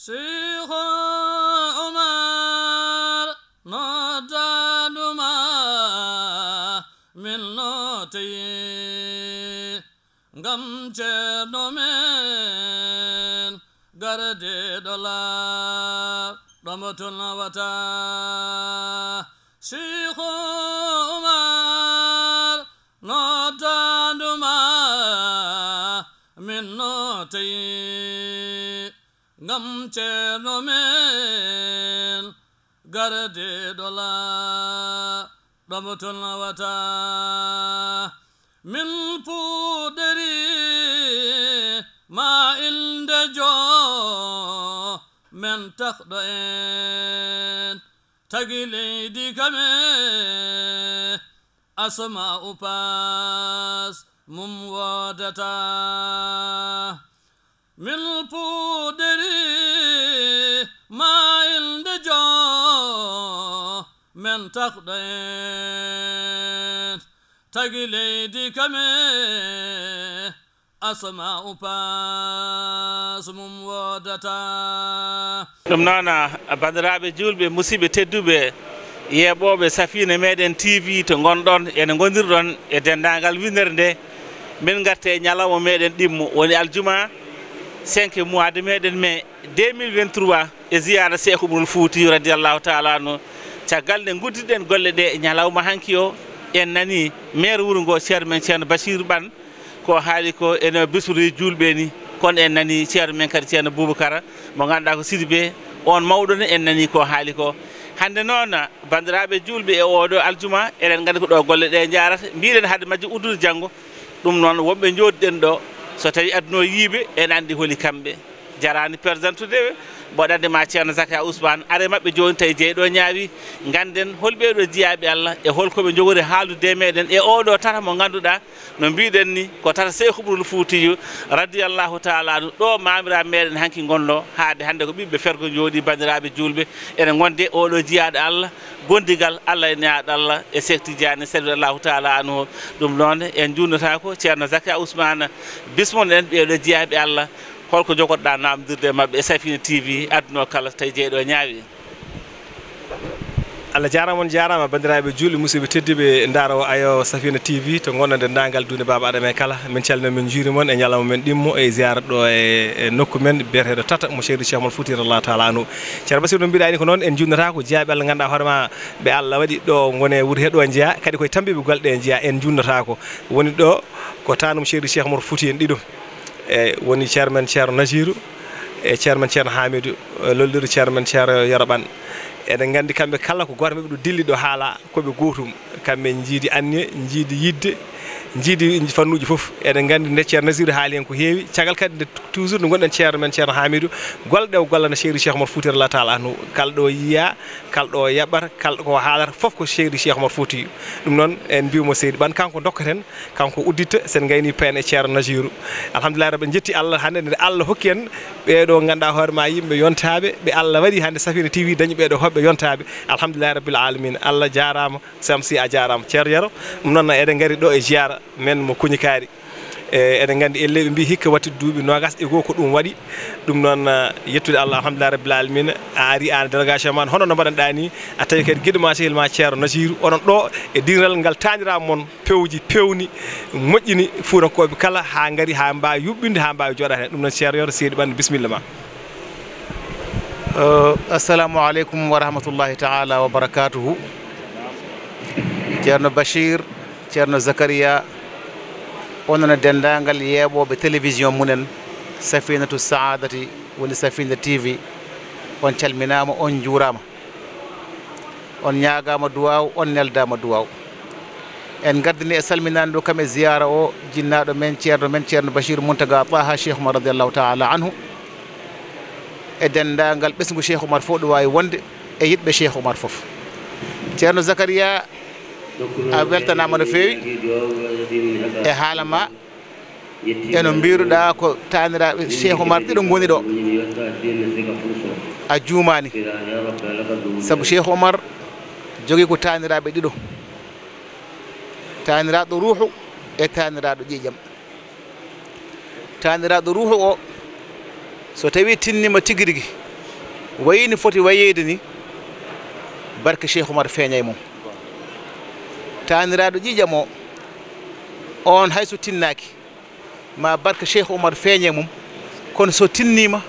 شيخ عمر نجد ما من نوتي غم من غرد دولار رمت وتا شيخ عمر lam cheromel garade dola ramutun wata min puderi ma ilde jo men takhdo en tagile dikame asma upas mum wadata min puuderi ma ilde jo men takɗaen tagi leydi kame asama upas mum wodata ɗum noona bandiraɓe julɓe musidɓe tedduɓe yeɓoɓe safina meɗen tv to gonɗon ene gondirɗon e dendagal winnere nde min garte e ñalawma meɗen ɗimmo woni aljuma cinq mois de meɗen mais 2023 e ziyara cheikh ubrol fouti radiallahu taala no caggal nde gudditɗen golle ɗe ñalawma hanki o en nani maire wuuro ngo ceer men ceerno bachir ɓan ko haali ko ene bisori julɓe ni kono en nani ceerno men kadi ceerno boubacara mo ganduɗa ko sidi be on mawɗone en nani ko haali ko hande noon bandiraɓe julɓe e oɗo aljuma eɗen gandi ko ɗo golle ɗe jarata mbiɗen haade majje uddude janggo ɗum noon wonɓe jooɗiɗen ɗo so tawi adduno yiiɓe ene anndi holi kamɓe jarani présente udeɓe boɗande ma ceerno zakia ousmane are maɓɓe joni tawi jeeyɗo ñaawi ganden hol ɓeeɗo jiyaɓe allah e holkoɓe jogori haaldude meɗen e oɗo tata mo ganduɗa no mbiɗen ni ko tata seykhoubrol foutiyo radiallahu taala nu ɗo mamira meɗen hanki gonno haade hande ko ɓiɓɓe fergo jooɗi bandiraɓe julɓe ene gonde oɗo jiyaɗo allah gondigal allah e neyaɗo allah e sekti diane salillahu taala anu ho ɗum noon en jurnata ko ceerno zakia ousmane bismon ɗen ɓeeɗo jiyaɓe allah holko jogotoɗa namdirde mabɓe e safina tv adduno kala tawi jeeyɗo ñaawi allah jarama on jarama bandiraɓe julɓe musidɓe teddiɓe daaro ayo safina tv to gonno nde e dagal dunde baba aɗa men kala min calnio min juurimon e ñalawma men ɗimmo e ziyara ɗo e, e nokku men biyeteɗo tata mo cheydo ceikmol foutir allah taala anu ceero basir no mbiɗani ko noon en jutnata ko jeyaɓeallah ganduɗa hoorema ɓe allah waɗi ɗo gone wuuro heɗo jeeya kadi koye tambiɓe golɗe jeeya en jutnata ko woni ɗo ko tanum cheydo ceikmol foutien ɗiɗum e woni chairman ceero nasiru e chairman ceerno hamidou e lolliru chairman ceero yoroɓan eɗen gandi kamɓe kala ko gorameɓe ɗo dilli ɗo haala koɓe gotum kamɓe jiidi anne jiidi yidde jiidi fannuji foof eɗen gandi nde ceerno nasir haali hen ko heewi caggal kadi nde toujours nde gonɗen ceerno men ceerno hamidou golɗe o golla no chéri cheikh omar fouti allah taala anu kalɗo yiya kalɗo yaɓɓata kalɗo ko haalata foof ko chéri cheikh omar fouti ɗum noon en mbimo seydi ɓan kanko dokkaten kanko udditta sen gayni pen e ceerno nasiru alhamdulillah rabe jetti allah hande nde allah hokki en ɓeɗo ganduɗa hoore ma yimɓe yontaɓe ɓe allah waɗi hande safina tiwi dañi ɓeɗo hoɓɓe yontaɓe alhamdulillah rabbil alamina allah jarama samsi a jarama ceerno yaro ɗum noon eɗen gari ɗo e jiyara men mo koñi e eɗen gandi elle ɓe mbi hikka wati duubi nogas e goko dum wadi dum non yettude allah alhamdulillah rabbil alamin ari an délégation man hono no badan dani atay tawi kadi guiɗo ma sehil ma ceerno nasiru onon do e dinral gal tañirama mon pewji pewni moƴƴini fuurankoɓe kala ha ngari ha mba yubbinde ha mba joda hen ɗum noon ceerno yoto seedi ban bismillah Uh, assalamu aleykum wa rahmatullahi taala wa barakatuhu ceerno bachir ceerno zacaria onona dendangal yeɓoɓe télévision munen safinatu saadati woni safina tv on calminama on juurama on ñagama duwaw on neldama duwaw en gardini e salminani ɗo kam e ziyara o jinnaɗo men ceerno men ceerno bachir mountaga taha cheikh oumar radiallahu taala anhu e dendagal ɓesgu cheikh oumar fo ɗo wawi wonde e yiɗɓe cheikh oumar foof ceerno zacaria a weltanama no fewi e haala eno mbiruɗa ko taniraɓe cheikh oumar ɗiɗo goni ɗo a juumani saabu cheikh oumar jogui ko taniraɓe ɗiɗo taniraɗo ruuhu e taniraɗo ƴiƴam taniraɗo ruuhu o so tawi tinnima tigui rigui wayini foti wayede ni barke cheikh oumar feeña e mum taaniraaɗo anniraaɗo ƴiiƴam o on hayso tinnaaki ma barka cheikh oumar feeñe mum kono so tinniima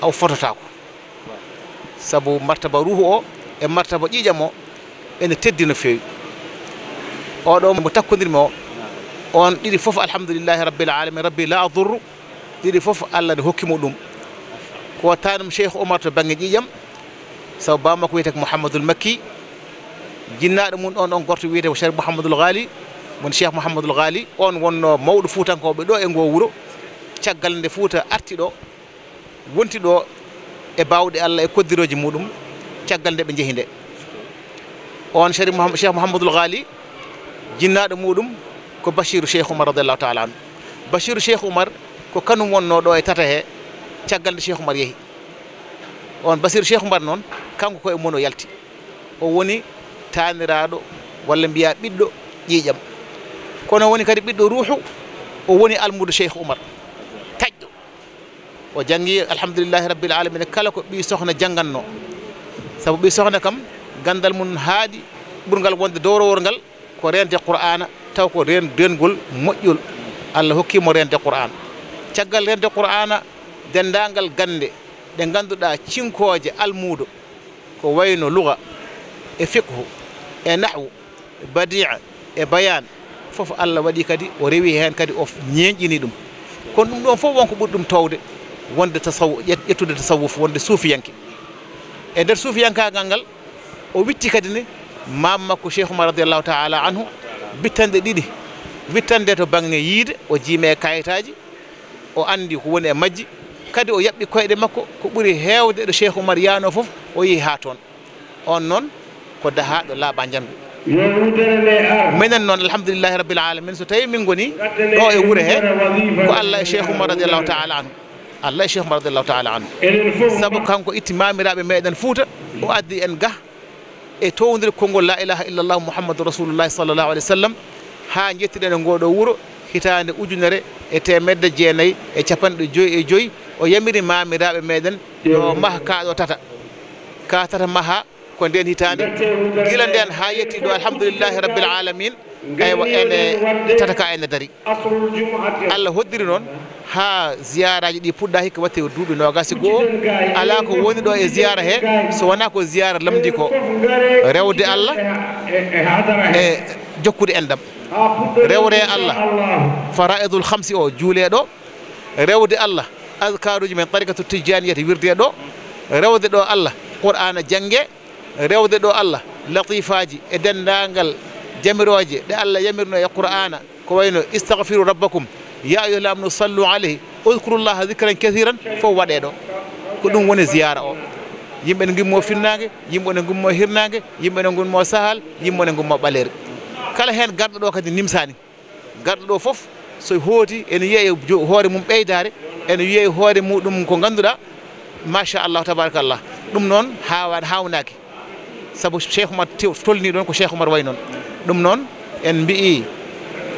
aw fototaako sabu martaba ruhu o e martaba ƴiiƴam o ene teddi no feewi oɗo mo takkodirmi o on ɗiɗi fof alhamdoulillahi rabbil alamin rabbi la adurru ɗiɗi fof allah ne hokkimo ɗum ko tanum cheikh oumar to bange ƴiiƴam sabu bammakko wiyete ko mouhamadoul makki jinnaɗo mum ɗon ɗon gorto wiyete ko cheikh mouhamadoul haali woni cheikh mouhamadoul haali on wonno mawɗo fuutankoɓe ɗo e ngo wuro caggal nde fuuta arti ɗo wonti ɗo e bawɗe allah e koddiroji muɗum caggal nde ɓe jehi nde on cheri cheikh mouhamadoul haali jinnaɗo muɗum ko bachiru cheikh oumar radiallahu taala anu bachiru cheikh oumar ko kañum wonno ɗo e tata he caggal nde cheikh oumar yehi on bachiru cheikh oumar noon kanko koye mono yalti o woni taaniraaɗo walla mbiya ɓiɗɗo ƴiiƴam kono woni kadi ɓiɗɗo ruuhu o woni almudou cheikh oumar taƴƴo o janngi alhamdulillahi rabbil alamina kala ko ɓi sohna jannganno sabu ɓi sohna kam ganndal mum haaɗi ɓurngal wonde dowrowol ngal ko reende qur'ana taw ko ren dengol moƴƴol allah hokkimo reende qur'ana caggal reende qur'ana denndangal gannde ɗe ngannduɗaa cinkooje almuudo ko wayno luga e fiqhu e nahwu e badia e bayan fof allah waɗi kadi o rewi hen kadi o ñeñƴini ɗum kono ɗum ɗon fof wonko ɓuri ɗum towde wonde tasawu ƴettude tasawuf wonde suufiyanke e nder suufiyankagal ngal o witti kadi ne mame makko cheikh oumar radiallahu taala anhu bittanɗe ɗiɗi wittande to bange yiide o jiime e kayitaji o andi ko woni e majji kadi o yaɓɓi koyɗe makko ko ɓuri hewde ɗo cheikh oumar yano fof o yeehi ha toon on noon ko daha ɗo laaɓa jamdi minen noon alhamdulillahi rabbil alamin so tawi min goni ɗo e wuure he ko allah e cheikh oumar radiallahu taala anhu allah e cheikh oumar radiallahu taala anhu saabu kanko itti mamiraɓe meɗen fouta o addi en ga e towdir konngol la ilaha illallah mouhammadou rasulullahi sallllahu alih w sallam ha jettiɗen e ngoɗo wuuro hitande ujunere e temedde jeenayyi e capanɗe joyi e joyyi o yamiri mamiraɓe meɗen yo maha kaɗo tata ka tata maha ko nden hitande gila nden ha yetti ɗo alhamdulillahi rabbil alamin eywa ene tata ka ene daari allah hoddiri noon ha ziyara ji ɗi puɗɗa hikka watte e duuɓi nogasi goho ala ko woni ɗo e ziyara he so wona ko ziyara lamdi ko rewde allah e jokkude endam rewre allah faraidul hamsi o juuleɗo rewde allah azkaruji men tarikatu tijaniyata wirdeɗo rewde ɗo allah qour ana jangge rewde ɗo allah latifaji e dendagal jamiroje ɗe allah yamirno e qur'ana ko wayno istahfiru rabbakum ya ayuhalamnu sallu aleyh udcrullaha dicran kathiran fof waɗe ɗo ko ɗum woni ziyara o yimɓe ne gummo finnage yimɓe ne gummo hirnage yimɓe ne gummo sahal yimɓe ne gummo ɓaleri kala hen garɗo ɗo kadi nimsani garɗo ɗo foof so hooti ene wiye hoore mum ɓeydare ene wiye hoore muɗum ko ganduɗa machallahu tabarikallah ɗum noon hawa hawnaki sabu cheikh oumar tolni ɗon ko cheikh oumar way noon ɗum noon en mbi'i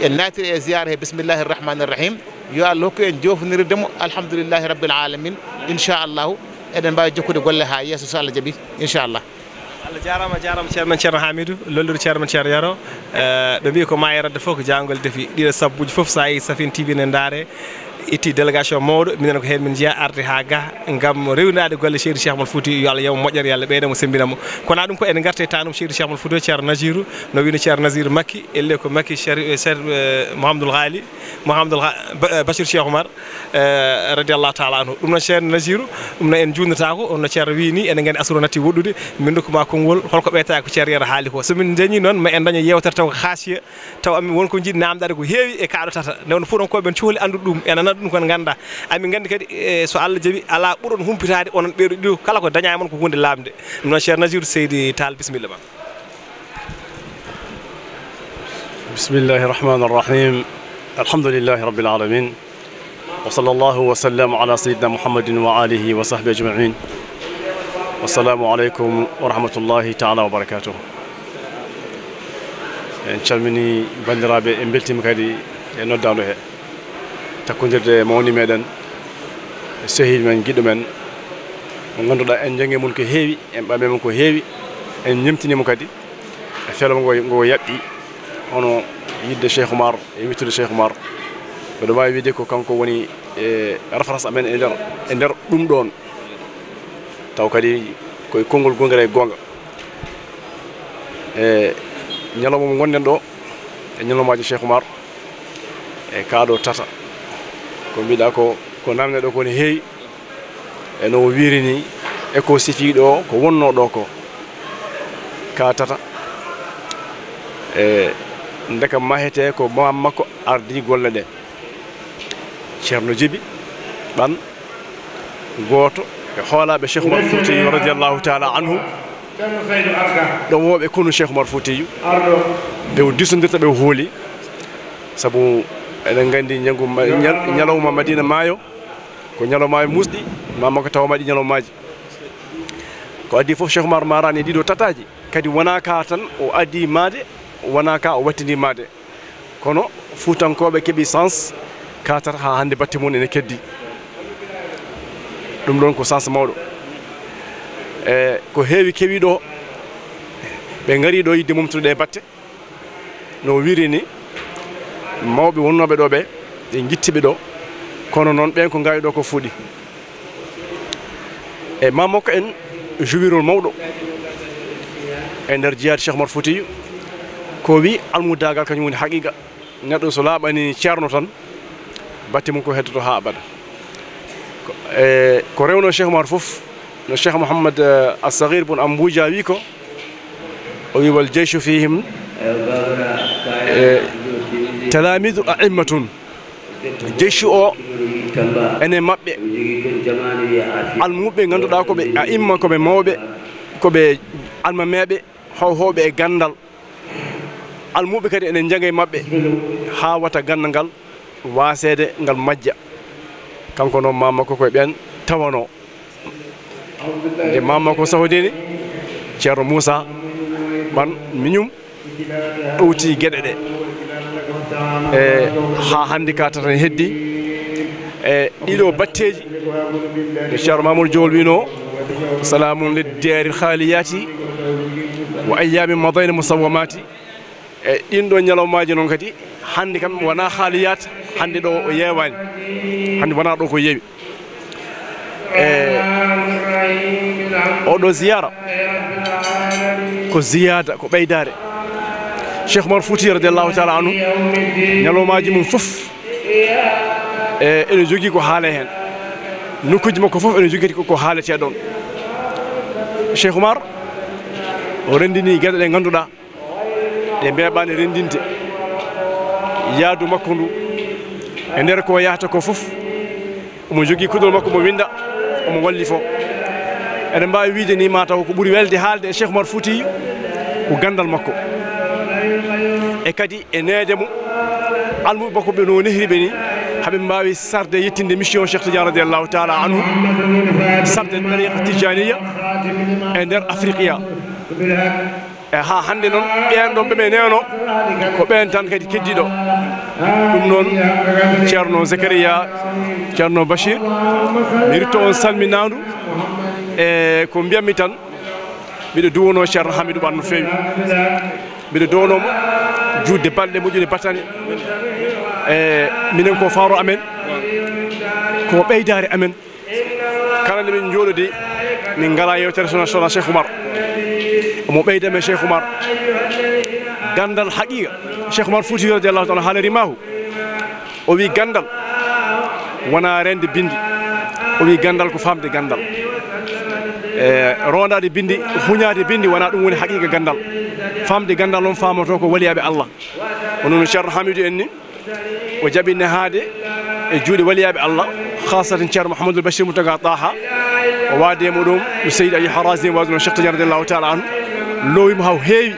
en natiri e ziyara he bisimillahi arrahmani arrahim yo allah hokku en jofonirdemo alhamdoulillahi rabbil alamin inchallahu eɗen mbawi jokkude golle ha yesso so allah jaaɓi inchallah allah jarama jarama ceerno ceerno hamidou lollude ceerno ceerno yaro eh, ɓe mbi ko ma e radde fof ko jangol defi ɗiɗo sabbuji foof sa yi safin tivi ne ndaare itti délégation mawɗo minen ko hen min jeeya arde ha ga gam rewnade golle ceeri cheikh mal fouti yo allah yewmo moƴƴere yo allah mo sembinamo kono ɗum ko ene garte tanum ceeri cheikh mal fouti o ceerno nasiru no wino ceer nasiru makki elle ko makki ceer eh, eh, mouhamadoul haali mouhamadoul eh, bachir cheikh oumar radiallahu taala anhu ɗum noon ceer nasiru ɗum noon en jundotako onno ceerno wini ene gandi asuro natti woɗɗude min dokkuma konngol holko ɓeyta ko ceer yero haali ko somin dañi noon ma en daña yewtere taw ko haasiya taw amin wonko jiiɗi namdade ko heewi e kaɗo tata nde wono fof ɗon koɓeɓen cohli andude ɗum enana بسم الله الرحمن الرحيم الحمد لله رب العالمين وصلى الله وسلم على سيدنا محمد وآله وصحبه أجمعين والسلام عليكم ورحمة الله تعالى وبركاته إن شاء الله بني بلرابي إن مكادي إن ندعو takkodirde mawni meɗen sehil men giɗo men mo ganduɗa en jange mum ko heewi en ɓame mum ko heewi en ñemtinimo kadi e felo ngo ngo yaɓɓi hono yidde cheikh oumar e wittude cheikh oumar mbeɗa wawi wiide ko kanko woni e référence amen e nder e nder ɗum ɗon taw kadi koye konngol gongel e gonga e ñalawma mo gonɗen ɗo e ñalawmaji cheikh oumar e kaaɗo tata ko mbiɗa ko ko namde ɗo ko ne heewi e no wiri ni eko sifiɗo ko wonno ɗo ko katata e ndeka mahete ko mam makko ardi golle ɗe ceerno djibi ɓan gooto e hoolaɓe cheikh oumar foutiyou radiallahu taala anhu woɓe kono cheikh oumar foutiyou ɓe disodirta ɓe hooli sabu eɗen gandi ñagu ñalawma madina maayo ko ñalawma musɗi mama ko tawa maɗi ñalawmaji ko addi foof cheikh oumar marani ɗiɗo tataji kadi wona ka tan o addi maade wona ka o wattidi maade kono fuutankoɓe keeɓi sens katat ha hande batte mum ene keddi ɗum ɗon ko sens mawɗo e ko heewi keeɓiɗo ɓe gari ɗo yidde mumtude ɗe batte no wiri ni mawbe wonnobe do be e gittibe do kono non ɓen ko gaydo ko fudi e mamoko en juwirol mawdo e nder jeyade cheikh mar fotiyu ko wi almudagal kany woni haqiqa neɗɗo so labani ciarno tan batte mum ko heddo ha abada e ko rewno cheikh mar fof no cheikh mouhammad assahir bun ambuja wi ko o wi wal jeychu fihim talamidu a immatun jeshi o ene maɓɓe almuɓe ngannduɗa koɓe a imma koɓe mawɓe koɓe alma meɓe hawhoɓe e gandal almuɓe kadi ene jaga e maɓɓe ha wata gandal ngal waasede ngal majja kanko noon mamakko koye ɓen tawano nde mamakko sahodini ceerno moussa ɓan miñum ɗowti geɗe ɗe e ha hannde ka tatan heddi e eh, ɗiɗo batteji e ceerno mamour diowol wino salamun leddiyari haaliyati wa ayami madain musawwamati e ɗin ɗo ñalawmaji noon kadi hannde kam wona haaliyata hande ɗo o yewani hande wona ɗo ko yewi e oɗo ziyara ko ziyada ko ɓeydare cheikh mar fouti radiallahu taala anu ñalowmaji mum fof e ene jogui ko haale hen nokkuji makko fof ene jogui ko haalete ɗon cheikh oumar o rendini gueɗe ɗe ganduɗa ɗe mbeɓani rendinde yaadu makko ndu e nder ko yahata ko fof omo jogui kuɗol makko mo winda omo walli fo eɗen mbawi wiide ni mataw ko ɓuuri welde haalde e cheikh oumar fouti ko gandal makko e kadi e neede mo almuɓe makko ɓe no nehri ɓe ni haɓe mbawi sarde yettinde mission cheikh tidiane radiallahu taala anhu sarde tariqa tijaniya e nder afriqia e ha hande noon ɓen ɗon ɓeɓe neno ko ɓen tan kadi keddiɗo ɗum noon ceerno zacaria ceerno bachir mi ritto on salminandu e ko mbiyanmi tan mbiɗo duwono ceerno hamidou ɓan no fewi mbiɗo duwonomo juutde balɗe moƴƴude batane e minen ko faro amen ko ɓeydare amen kala nde min jooɗodi min ngala yewtere sona sona cheikh oumar omo ɓeyda men cheikh oumar gandal haqiqa cheikh oumar fouti radiallahu taala haalari mahu o wi gandal wona rende bindi o wi gandal ko famde gandal e rondade bindi huñade bindi wona ɗum woni haqiqa gandal famde ganndal on faamoto ko waliyaaɓe allah onono ceerno hamidou en ni o jaɓinne haade e juuɗe waliyaaɓe allah hasatan ceerno mouhamadoul bachir moutaga taha o waademo ɗum o seydi ayi harasin wawi ɗum chekhtadia radiallahu taala anu lowimo haw heewi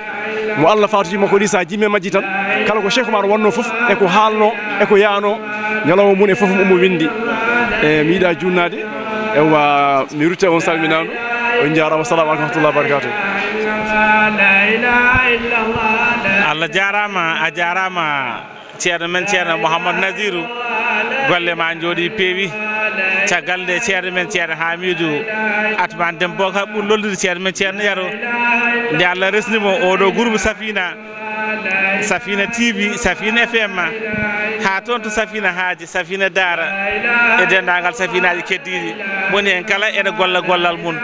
mo allah fatojimo ko ɗi sa jimme majji tan kala ko cheikh oumar wonno fof eko haalno eko yaano ñalawma mum e fof mo umo winndi e mi yiɗa junnade ewa mi rutte on salminanu on jarama assalamu aleykum rahmatullahi wa barakatu allah jarama a jarama ceerno men ceerno mouhamadou nasiru golle ma jooɗi peewi caggal nde ceerno men ceerno hamidou atman dembo ka ɓuuri lollude ceerno men ceerno yaro nde allah resnimo oɗo gourbe safina safina tv safina fm ha toon to safina haaji safina daara e dendagal safinaji keddiɗi moni hen kala ene golla gollal mum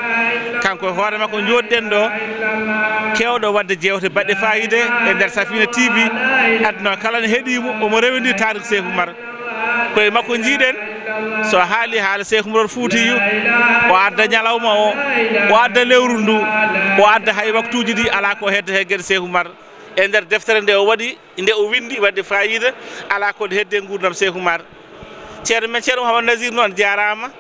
kanko e hoore makko joɗɗen ɗo kewɗo wadde jewte baɗɗe fayide e nder safina tv adduno kala ne heeɗimo omo rewidi tarik seyhu mar koye makko jiiɗen so haali haala seyhu mar fuutiyu o adda ñalawma o o adda lewru ndu o adda hay waktuji ɗi ala ko hedde he gueɗe seyhu mar e nder deftere nde o waɗi nde o windi wadde fayida ala kode hedde gurdam cheikh oumar ceerno men ceerno mohamado nasir noon jarama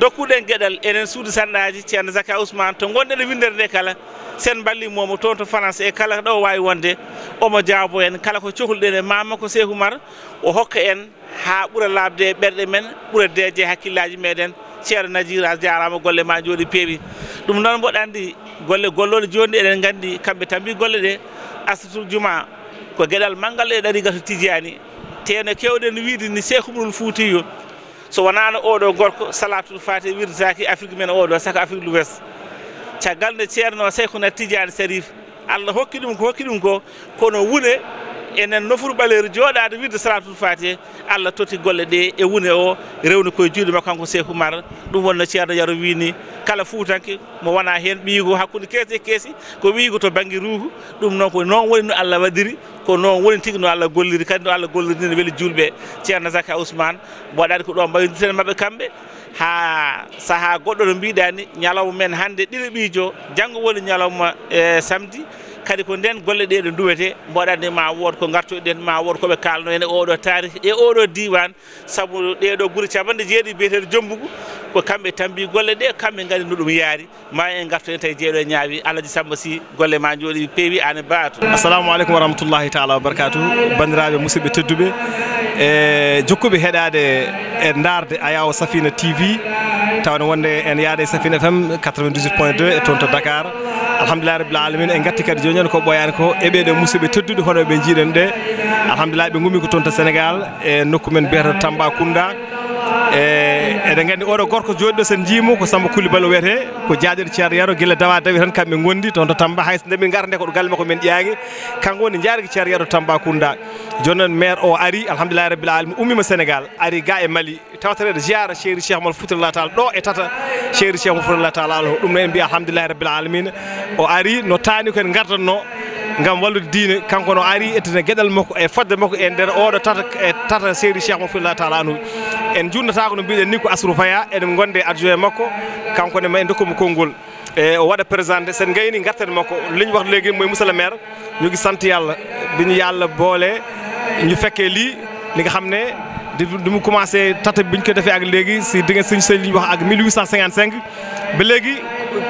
dokkuɗen gueɗal enen suudu sanɗaji ceerno zaka ousmane to gonɗen e windere nde kala sen ballimomo toon to france e kala ɗo wawi wonde omo jaabo en kala ko cohluɗen e mamako cheikh oumar o hokka en ha ɓuura labde e ɓerɗe men ɓuura deje hakkillaji meɗen ceerno nadjir a jarama golle ma jooɗi peewi ɗum noon mboɗa andi golle golloɗe joni eɗen gandi kamɓe tambi golle ɗe asatul juma ko geɗal manngal e ɗari gato tijiyani teno kewɗen wiide ni sekhoubrul fouti yo so wonano oɗo gorko salatul fati wirdataki afrique men oɗo saka afrique louwest caggal nde ceerno sey ko nat tidiani sarif allah hokki ɗum ko hokki ɗum ko kono wune enen nofuru ɓaleeru jooɗaade wiide saratul faati allah toti golle ɗe e wune o rewni koye juuɗe makko kanko cheikh oumar ɗum wonno ceerno yaro wiini kala fuutanke mo wona heen ɓiygo hakkunde keese e keesi ko ɓiygo to bangi ruugu ɗum noon ko noon woni no allah waɗiri ko noon woni tigi no allah golliri kadi no allah golliri ndi ne weli juulɓe ceerno zaka ousmane waɗaade ko ɗo mbawidirten maɓɓe kamɓe haa sahaa goɗɗo no mbiɗani ñalawma men hannde ɗiɗo ɓiijo janngo woni ñalawma e samedi kadi ko nden golle ɗe ɗe duwete mboɗande ma wood ko gartuɗen ma wood koɓe kalno hen e oɗo tarih e oɗo diwan saabu ɗeɗo guure capanɗe jeeɗi biyeteɗe jombugu ko kamɓe tambi golle ɗe kamɓe gandi no ɗum yaari ma en gartu hen tawi jeeɗo e ñaawi alhaji samba sy golle ma jooɗi peewi ane baatu assalamu aleykum wa rahmatullahi taala wabarakatuhu bandiraɓe musidɓe tedduɓe e jokkuɓe heɗade e darde ayaw safina tv tawne wonde en yaade safina fm 98 point 2 e toon to dakar alhamdulillah rabbil alamin en gatti kadi joni ko ɓoyani ko e ɓeɗo musidɓe tedduɗe hono ɓe jiiɗen ɗe alhamdulillah ɓe gumi ko toon to sénégal e nokku men biyata tamba kounda E, eɗen gandi oɗo gorko joɗi ɗo sen jiimu ko samba kulibalo wiyete ko jaɗir ceer yaro guila dawa dawi tan kamɓe gondi toon to tamba hayso ndemin gara nde ko ɗo galle ko men ƴaagi kanko woni jaarigui ceer yaro tamba kunda joni noon maire o ari alhamdulillah rabbil alamin ummima sénégal ari ga e mali tawatareɗe jeyara chéri cheikh mol futrala taala ɗo e tata chéri cheikh mol futrala taala alao ɗum noon en mbiya alhamdulillahi rabbil alamin o ari no taani ko en gardatno gam wallude diine kanko no ari ettene gueɗal makko e fodde makko e nder oɗo tata e tata chéri cheikh mol futrala taala anuji en ko no mbiɗen ni ko asrou faya enen gonde adjoint makko ne ma en dokkamo konngol e o waɗa présenté sen gayni garten makko liñ wax léegi mooy monsieur le maire ñu gi sant yàlla biñu yalla yàlla boole ñu fekkee lii li nga xam ne mu commencé tata bi ko defee ak léegi si di señ sëñ sëñ li ñu wax ak 1855 ba léegi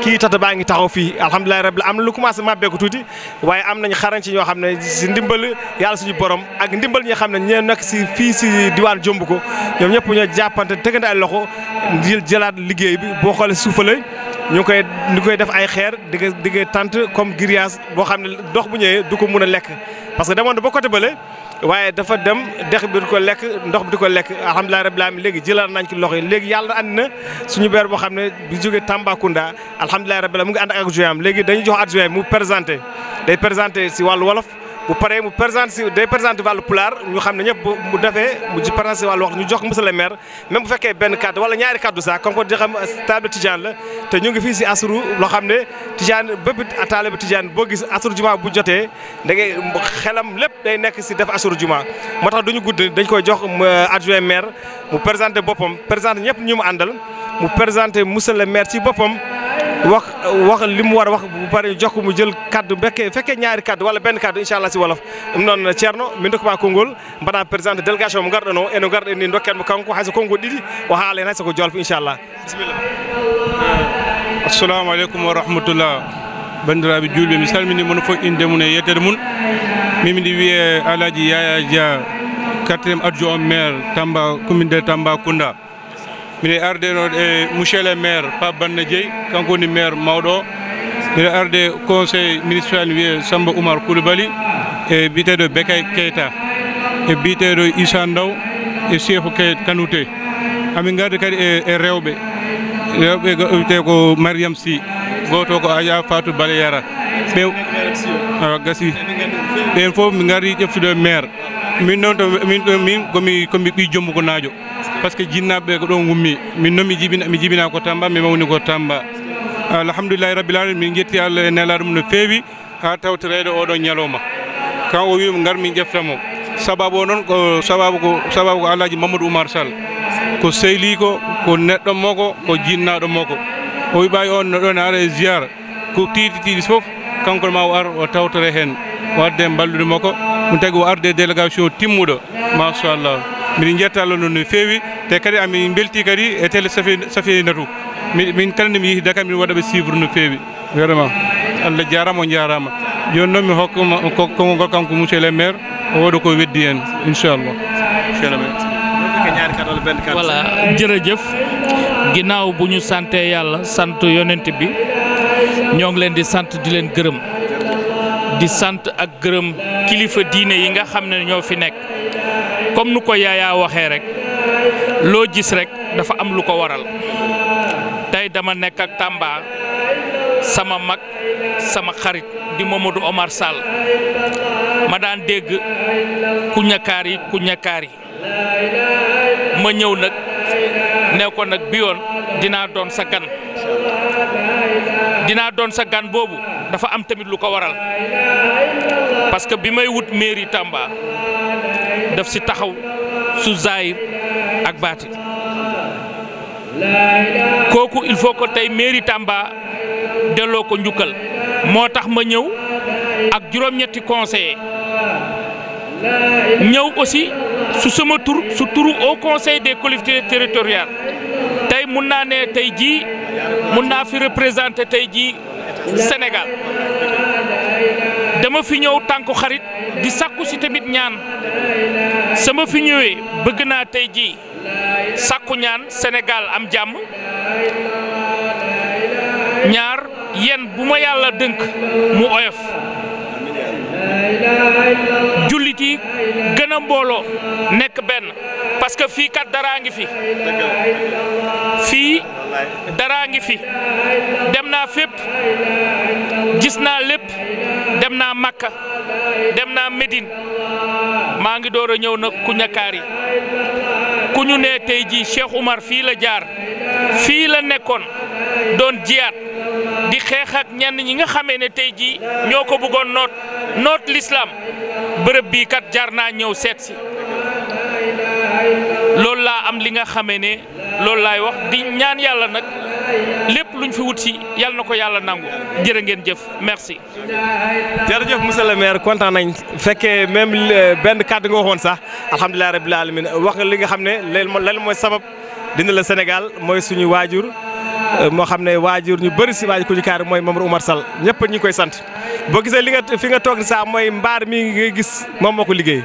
kii tata baa ngi taxaw fii alhamdulilah rabbil am na lu commencé màbbeeku tuuti waaye am nañu xarañ ci ñoo xam ne si ndimbal yàlla suñu borom ak ndimbal ñi xam ne ñoo nekk si fii si diwaan jomb ko ñoom ñëpp ñoo jàppante tegante ay loxo jël jëlaat liggéey bi boo xoolee suufale ñu koy ñu koy def ay xeer di nga di tànt comme grillage boo xam ne dox bu ñëwee du ko mun a lekk parce que demoon na ba côté bële waaye dafa dem dex bi ko lekk ndox bi ko lekk alhamdulilah rabbil alamin léegi jëlaat nañ ci loxo yi léegi yàlla ànd na suñu beer boo xam ne bi jógee Tambacounda alhamdulilah rabbil alamin mu ngi ànd ak adjoint am léegi dañuy jox adjoint mu présenté day présenter si wàllu wolof bu paree mu présenté day présenté wàllu pulaar ñu xam ne ñëpp mu defee mu ci présenté wàllu wax ñu jox monsieur le maire même bu fekkee benn kàddu wala ñaari kàddu sax comme ko di xam taalibe Tijaan la te ñu ngi fii si asru loo xam ne Tijaan bépp taalibe Tijaan boo gis asru juma bu jotee da ngay xelam lépp day nekk si def asru juma moo tax duñu gudd dañ koy jox adjoint maire mu présenté boppam présenté ñëpp ñu mu àndal mu présenté monsieur le maire ci boppam wax wax li mu war a wax bu pare jox ko mu jël kàddu mbekkee fekkee ñaari kàddu wala benn kàddu incha allah si wolof ɗum noon ceerno mi ndokkuma konngol mbaɗa présidente délégation mo garɗo noo eno garɗo ni ndokken mo kanko hayso konngol ɗiɗi o haala hen hay soko jolfo incha allah bisimillah eh, assalamu aleykum wa rahmatullah banndiraaɓe juulɓe mi salmini mono fof inde mum e yettere mum mimi ndi wiye alaaji yaya dia quatriéme adjo on maire tamba commune de tamba kounda mbiɗe arde ɗo e monsieur le maire pape banne dieyi kanko woni maire mawɗo o mbiɗe arde conseil municipal wiye samba oumar koulibaly e biteɗo bekay keyta e biteɗo issa ndaw e chefo ke kanouté amin garde kadi e rewɓe rewɓe te ko mariame sy goto ko aja fatou baleyara ɓe gasi ɓen foof min gardi ƴeftude maire min noon to min ɗo min komi komi ɓi jommu ko naajo par ce que jinnaɓeɓe ko ɗon gummi min noon mi jibina mi jibina ko tamba mi mawni ko tamba alhamdoulillahi rabbil alamin min jetti allah e nelade mum no feewi ha tawtereede oɗon ñalowma kan o wima gar min ƴeftamo sababu o noon ko sababu ko sababu ko alaji mamadou oumar sall ko sehliko ko neɗɗo moko ko jinnaɗo moko o wiɓawi on noɗon ara e ziyara ko tiiɗi tiiɗi foof kanko ma o ar o tawtore heen o arde mballude makko ɗum tagi o arde délégation timmuɗo machallah miɗen jettallo noon no fewi te kadi amin belti kadi e télé safie natou min kala ne mi yeehi dakar min waɗaɓe suivre no fewi wiyatama allah jarama o jarama joni noon mi hokkama kongol ngol kanko monsieur le maire o waɗa ko weddi hen inchallah voilà jërëjëf ginnaaw bu ñu santé yàlla sant yonente bi ñoo ngi leen di sant di leen gërëm di sant ak gërëm kilifa diine yi nga xam ne ñoo fi nekk comme nu ko yaayaa waxee rek loo gis rekk dafa am lu ko waral tey dama nekk ak Tamba sama mag sama xarit di Mamadou Omar Sall ma daan dégg ku ñakaar ku ñakaar ma ñëw nag ne ko nag bi yoon dinaa doon sa gan dina don sa gan Bobu, dafa am tamit lu ko waral parce que bimay wut mairie Tamba daf si taxaw su zaayir ak bati koku il faut ko tay mairie Tamba delo ko njukkal motax ma ñew ak juroom ñetti conseiller ñew aussi su sama tur su turu au conseil des collectivités territoriales mun naa ne tey jii mun naa fi représenté tey jii senegal dama fi ñëw tànku xarit di sàkku si tamit ñaan sama fi ñëwee bëgg naa tey jii sàkku ñaan Sénégal am jàmm ñaar yenn bu ma yàlla dënk mu oyof jullit yi gën a mbooloo nekk benn parce que fii kat daraa ngi fi fii daraa ngi fi dem naa fépp gis naa lépp dem naa Makka dem naa Médine maa ngi door a ñëw nag Kuñakaar yi ku ñu ne tey jii Cheikh Oumar fii la jaar fii la nekkoon doon jiyaat di xeex ak ñenn ñi nga xame ne tey jii ñoo ko bëggoon noot noot l'islam bërëb bii kat jaar naa ñëw seet si loolu laa am li nga xamee ne loolu laay wax di ñaan yàlla nag lépp luñ fi wut si yàlla na ko yàlla nangu jërë ngeen jëf merci. jërëjëf monsieur le maire kontaan nañ fekkee même euh, benn kàddu nga waxoon sax alhamdulilah rabbil alamin wax nga li nga xam ne lan mooy sabab dina la Sénégal mooy suñu waajur. Euh, moo xam ne waajur ñu bari si waajur ku ñu kaar mooy Mamadou ñëpp ñi koy sant boo gisee li nga fi nga toog ni mooy mbaar mi nga gis moom moo ko liggéey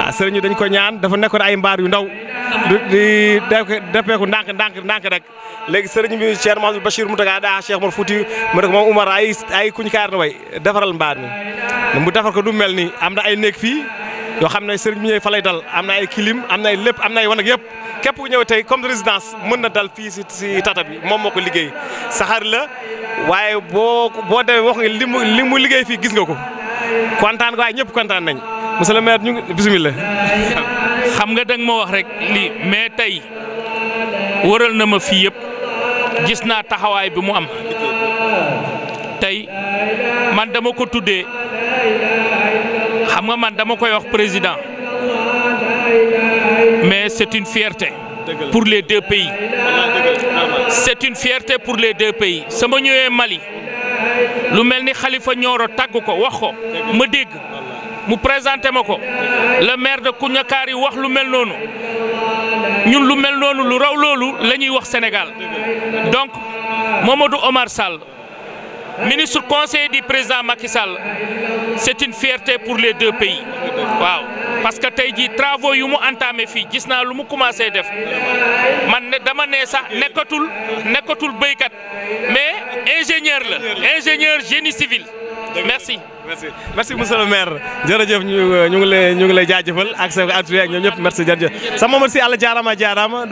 ah sëriñ dañ ko ñaan dafa nekkoon ay mbaar yu ndaw di deppeeku ndànk ndànk ndànk rek léegi sëriñ bi Cheikh mu Bachir a daa Cheikh Mar Fouti mu ne ko moom Umar ay ay kuñ kaar na way defaral mbaar mi mu defar ko du mel ni am na ay néeg fii yoo xam ne sëriñ bi ñëwee fa lay dal am na ay kilim am na ay lépp am na ay wanag yëpp képp ku ñëwee tey comme résidence mën na dal fii si si tata bi moom moo ko liggéey saxaar la waaye boo boo demee wax nga li mu li mu liggéey fii gis nga ko kontaan waaye ñëpp kontaan nañ monsieur le maire ñu ngi xam nga danga ma wax rek li mais tay waral na ma fi yeb gis na taxaway bi mu am tay man dama ko tuddé xam nga man dama koy wax président mais c'est une fierté. pour les deux pays. c'est une fierté pour les deux pays sama ñëwee Mali lu melni Khalifa ñoro tagu ko waxo ma dégg. Je vous présente le maire de Kounyakari yi wax lu mel nonou ñun lu mel nonou lu raw Sénégal donc Mamadou Omar Sall ministre conseiller du président Macky Sall c'est une fierté pour les deux pays parce que tey jii travaux yu mu entamé fii gis naa lu mu commencé def man ne dama ne sax nekkatul nekkatul béykat mais ingénieur la ingénieur génie civil merci. merci merci monsieur le maire jërëjëf ñu ñu ngi lay ñu ngi lay jaajëfal ak sa ak ñoom ñëpp merci jërëjëf sama monsieur Alla jaarama jaaraama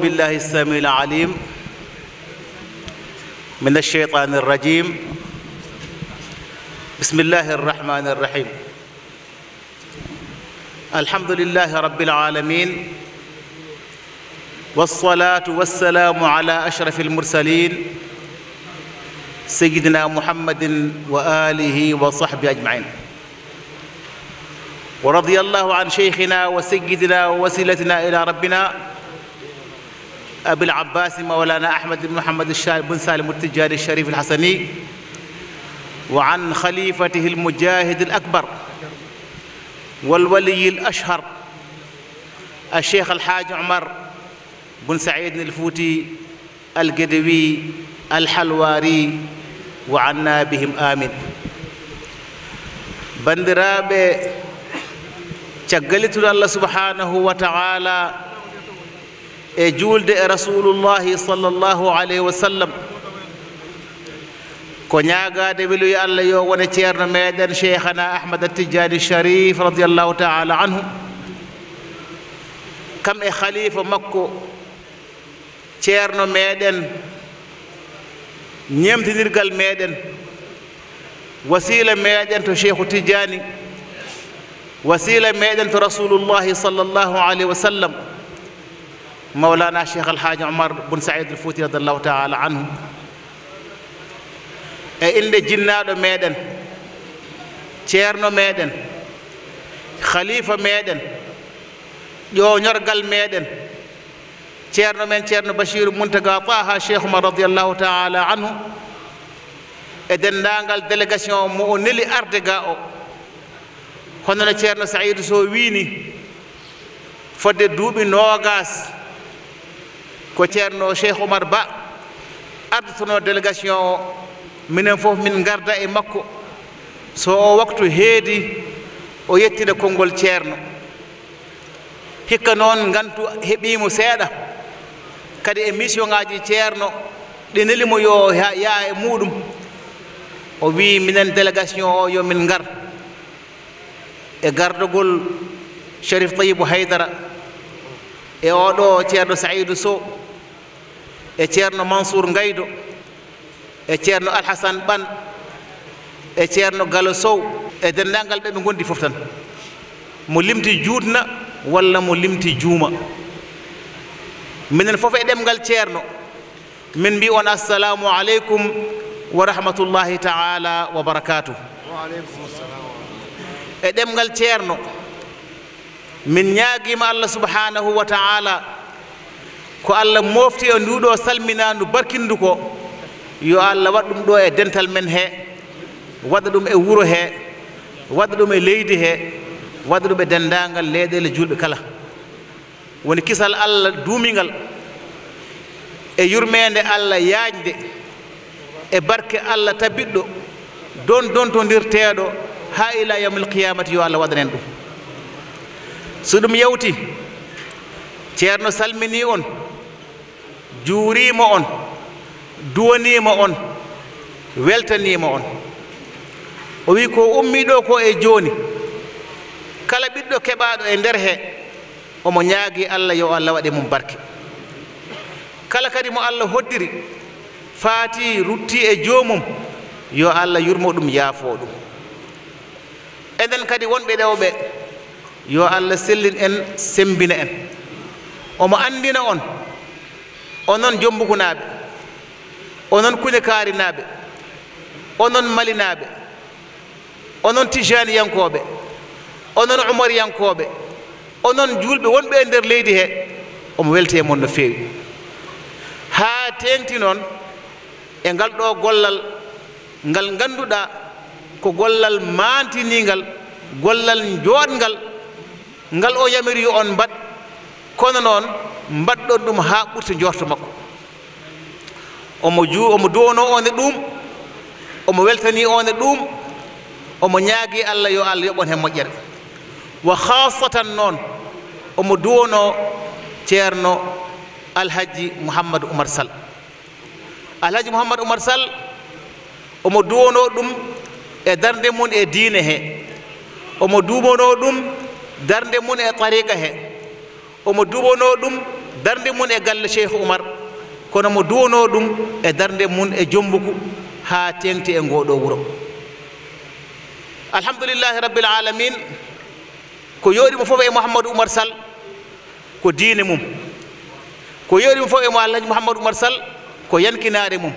بالله السميع العليم من الشيطان الرجيم بسم الله الرحمن الرحيم الحمد لله رب العالمين والصلاة والسلام على أشرف المرسلين سيدنا محمد وآله وصحبه أجمعين ورضي الله عن شيخنا وسيدنا ووسيلتنا إلى ربنا أبي العباس مولانا أحمد بن محمد بن سالم التجاري الشريف الحسني وعن خليفته المجاهد الأكبر والولي الأشهر الشيخ الحاج عمر بن سعيد الفوتي القدوي الحلواري وعنا بهم آمين بندرابي چگلتنا الله سبحانه وتعالى e juulde e rasulullahi sallllahu alayhi wa sallam ko ñaagaade weluyo allah yo wone ceerno meeɗen cheikhana ahmad atijani sharif radiallahu taala anhu kam e khalifa makko ceerno meeɗen ñemtinirgal meeɗen wasila meeɗen to cheikhu tidiani wasila meeɗen to rasulullahi sallllahu alayhi wa sallam مولانا الشيخ الحاج عمر بن سعيد الفوتي رضي الله تعالى عنه e inde jinnaɗo meɗen ceerno meɗen khalifa meɗen ƴoñorgal meɗen ceerno men ceerno bachiru muntaga taha cheikh umar radiallahu taala anhu e denndangal délégation mo o neli arde ga o hono no ceerno saydou so wini fodde duuɓi nogas ko ceerno cheikh oumar ba addotono délégation o minen fof min garda e makko so o waktu heedi o yettina konngol ceerno hikka noon ngantu heɓiimo seeɗa kadi e mission ngaaji ceerno ɗinelimo yo yaa e muɗum o wii minen délégation o yo min ngar e gardogol cherif tayibou haydara e oɗo ceerno saidou sow e ceerno mansour gaydo e ceerno alhassane ɓan e ceerno galo sow e denndangal ɓe ɓe gondi fof tan mo limti juutna walla mo limti juuma minen fof e ɗemngal ceerno min mbi on assalamu aleykum wa rahmatullahi taala wa barakatu e ɗemngal ceerno min ñaagima allah subhanahu wa taala ko allah mofti e nduɗo salminandu barkindu ko yo allah waɗa ɗum ɗo e dental men he waɗa ɗum e wuro he waɗa ɗum e leydi he waɗa ɗum e dendagal leyɗele julɓe kala woni kisal allah duumigal e yurmede allah yajde e barke allah tabbitɗo don dontodirteɗo ha ila yawmil qiyamati yo allah waɗanen ɗum so ɗum yawti ceerno salmini on juurimo on duwanimo on weltanimo on o wi ko ummiɗo ko e joni kala ɓiɗɗo keɓaɗo e nder he omo ñaagui allah yo allah waɗi mum barke kala kadi mo allah hoddiri faati rutti e jomum yo allah yurmo ɗum yaafo ɗum enen kadi wonɓe ɗewɓe yo allah sellin en sembina en omo andina on onon jombukunaaɓe onon kunikaarinaaɓe onon malinaaɓe onon tijane yankooɓe onon umar yankooɓe onon juulɓe wonɓe e ndeer leydi hee omo weltee mon no feewi haa teenti noon e ngal ɗoo gollal ngal ngannduɗaa ko gollal maantiniingal gollal njooɗngal ngal o yamiri on mbaɗ kono noon mbaɗɗon ɗum haa ɓurti jorto makko omo ju omo duwono on e ɗum omo weltani on e ɗum omo ñaagi allah yo allah yoɓon heen moƴƴere wa khasatan noon omo duwono ceerno alhaji mouhammadou oumar sall alhaji mouhammadou oumar sall omo duwono ɗum e darde mum e diine hee omo duwono ɗum darde mum e tariqa hee omo duwono ɗum darde mum e galle cheikh oumar kono mo duwono ɗum e darde mum e jombuku ha tengti e ngoɗo wuuro alhamdulillahi rabbil alamin ko yoɗimo foof e mouhamadou oumar sall ko diine mum ko yoɗimo foof e mo alhaji mouhamadou oumar sall ko yankinare mum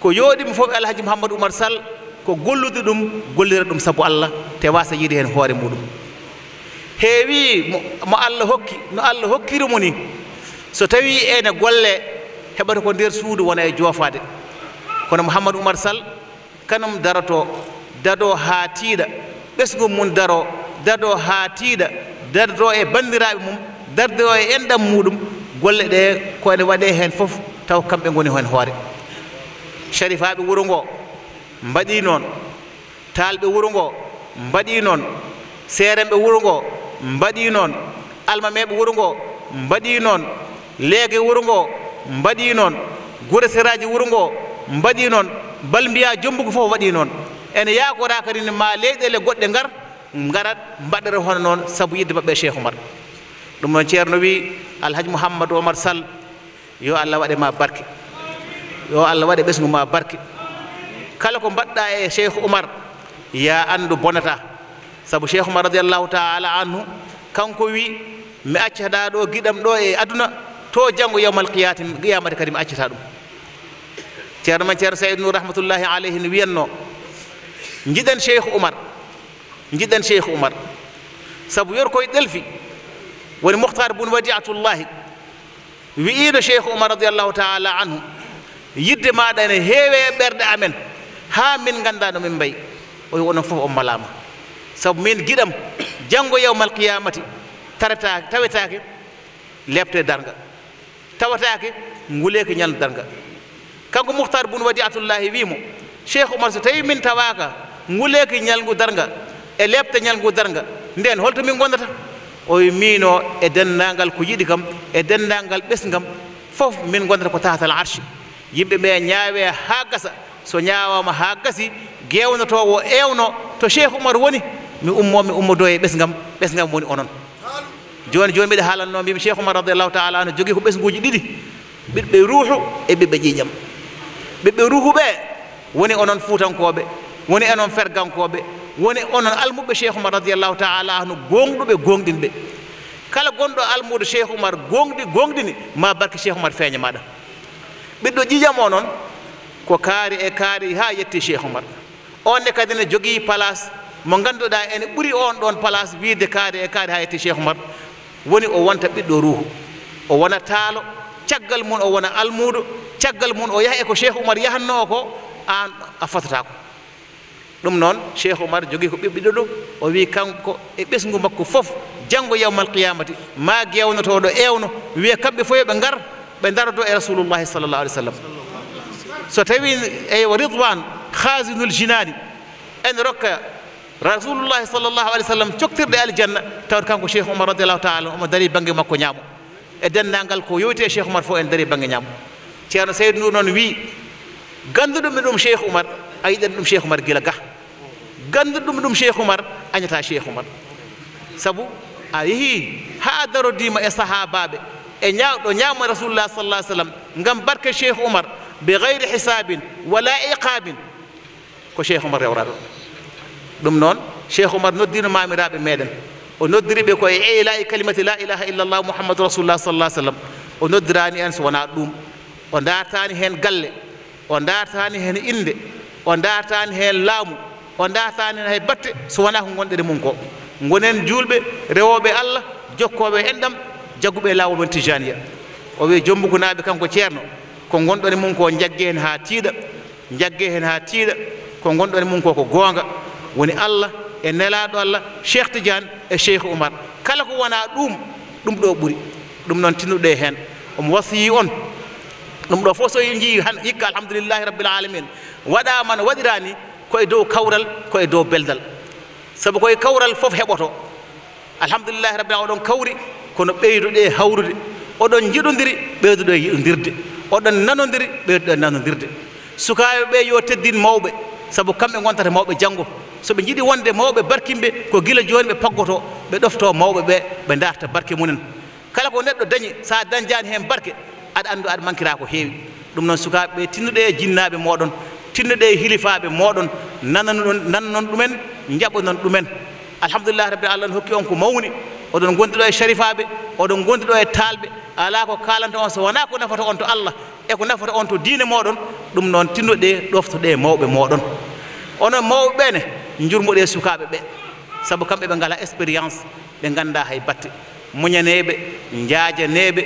ko yoɗimo foof e alhaji mouhamadou oumar sall ko gollude ɗum gollira ɗum saabu allah te wasa yiide hen hoore muɗum heewi mo allah hokki no allah hokkirimo ni so tawi ene golle heɓata ko nder suudu wona e joofade kono mouhamadou oumar sall kanum daroto dado ha tiiɗa ɓesgum mum daro dado ha tiiɗa dardo e bandiraɓe mum dardo e enɗam muɗum golle ɗe ko ene waɗe hen foof taw kamɓe goni hen hoore sharifaɓe wuro ngo mbaɗi noon taalɓe wuro ngo mbaɗi noon seeremɓe wuro ngo mbaɗi noon almameɓe wuro ngo mbaɗi noon leege wuro ngo mbaɗi noon gure séraji wuro ngo mbaɗi noon bal mbiya jombugu fof waɗi noon ene yakora kadi ma leyɗele goɗɗe ngar garat mbaɗere hono noon saabu yidde mabɓe e cheikh oumar ɗum noon ceerno wi alhaji mouhammadou oumar sall yo allah waɗe ma barke yo allah waɗe ɓesgu ma barke kala ko mbaɗɗa e cheikh oumar ya andu bonata sabu sheikh umar radiyallahu taala anhu kanko wi mi accata do gidam do e aduna to janngo yawmal qiyati qiyamati kadi accata dum ceerno men ceerno saydou nour rahmatullahi alayhi no wiyanno jiɗen sheikh umar jiɗen sheikh umar sabu yor koy delfi woni mouhtar bun wadi'atullah wi wi'iiɗo sheikh umar radiyallahu taala anhu yidde ma dane heewe berde amen ha min ganda no min bay o wi fof o malama sabu min giɗam janngo yawmal qiyamati taretake tawetake lebte darga tawatake nguleke ñal darga kanko moukhtar bun wadi atullahi wimo cheikh oumar so tawi min tawaka nguleke ñalngu darga e lebte ñalngu darga nden holto min gondata o wi mino e dennangal ko yiɗi kam e dennangal ɓesgam fof min gondata ko tatal arche yimɓeɓe ñaawe ha gasa so ñawama ha gasi gewnotowo ewno to cheikh oumar woni mi ummo mi ummo doye ɓesgam ɓesgam woni onon joni joni mbiɗa haalanno mbimi cheikh oumar radiallahu taala no jogui ko ɓesguji ɗiɗi ɓiɓɓe ruuhu e ɓiɓɓe ƴiƴam ɓiɓɓe ruuhuɓe woni onon fuutankoɓe woni enon fergankoɓe woni onon almuɓe cheikh oumar radiallahu taala no gonɗuɓe gonɗinɓe kala gonɗo almude cheikh oumar gonɗi gonɗini ma barke cheikh oumar feeñamaɗa ɓiɗɗo ƴiƴam o noon ko kaari e kaari ha yetti cheikh oumar on ne kadi ne jogui place mo ngannduɗaa ene ɓuri on ɗon place wiide kaade e kaade haa yetti cheikh mbad woni o wonta ɓiɗɗo ruhu o wona taalo caggal mum o wona almuuɗo caggal mum o yaha e ko cheikh oumar yahanno ko aan a fotata ko ɗum noon cheikh oumar jogii ko ɓiɓɓiɗo ɗum o wii kanko e ɓesngu makko fof janngo yawma alqiyamati ma gewnotooɗo ewno wiya kamɓe fof ɓe ngar ɓe ndarodo e rasulullahi salllah alih w sallam so tawi eywa ridwan hasinul jinani ene rokka rasulullahi sallllahu alih w sallam coktirɗe aljanna tawat kanko cheikh oumar radiallahu taala omo dari banggue makko ñaamo e denndangal ko yowti e cheikh oumar fof en dari banggue ñaamo ceerno seydou ndu noon wi ganduɗum e ɗum cheikh oumar a yiɗani ɗum cheikh oumar gila ga ganduɗum ɗum cheikh oumar añata cheikh oumar sabu a yeehi ha darodima e sahabaɓe e ñawɗo ñaamo rasulullah sallah sallam gam barke cheikh oumar be gayri hisabin wala iqabin ko cheikh oumar rewra ɗon ɗum noon cheikh oumar noddino mamiraɓe meɗen o noddiri ɓe koye eila e kalimati la ilaha illallah mouhammadou rasulullah sallah sallam o noddirani en so wona ɗum o dartani hen galle o dartani hen inde o dartani hen laamu o dartani hen hay batte so wona ko gonɗere mum ko gonen julɓe rewoɓe allah jokkoɓe enɗam jagguɓe lawol men tijaniya o wi jombugunaɓe kanko ceerno ko gonɗone mum ko jagge hen ha tiiɗa jagge hen ha tiiɗa ko gonɗone mum ko ko gonga woni allah e nelaɗo allah cheikh tidiane e cheikhu oumar kala ko wona ɗum ɗum ɗo ɓuuri ɗum noon tinnuɗo hen omo wasiyi on ɗum ɗo foof so jii hikka alhamdulillahi rabbilalamina waɗama no waɗirani koye dow kawral koye dow beldal saabu koye kawral foof heɓoto alhamdulillahi rabbil oɗon kawri kono ɓeydoɗe hawrude oɗon jiɗodiri ɓeydoɗo yiɗodirde oɗon nanodiri ɓeydoɗo nanodirde sukaɓeɓe yo teddin mawɓe saabu kamɓe gontata e mawɓe janggo so ɓe jiɗi wonde mawɓe barkinɓe ko gila joni ɓe paggoto ɓe ɗofto mawɓe ɓe ɓe darta barke munen kala ko neɗɗo dañi sa dañjani hen barke aɗa andu aɗa mankira ko heewi ɗum noon sukaɓeɓe tinnuɗe e jinnaɓe moɗon tinnuɗe e hilifaɓe moɗon nananuɗon nannanon ɗumen jaɓanon ɗumen alhamdulillah rabbil allah n hokki on ko mawni oɗon gondiɗo e sharifaɓe oɗon gondiɗo e talɓe ala ko kalanta on so wona ko nafata on to allah e ko nafata on to diine moɗon ɗum noon tinnuɗe ɗoftoɗe e mawɓe moɗon onon mawɓeɓene jurmoɗe sukaɓe ɓe saabu kamɓe ɓe ngala expérience ɓe ganda hay batte muñaneɓe jajaneɓe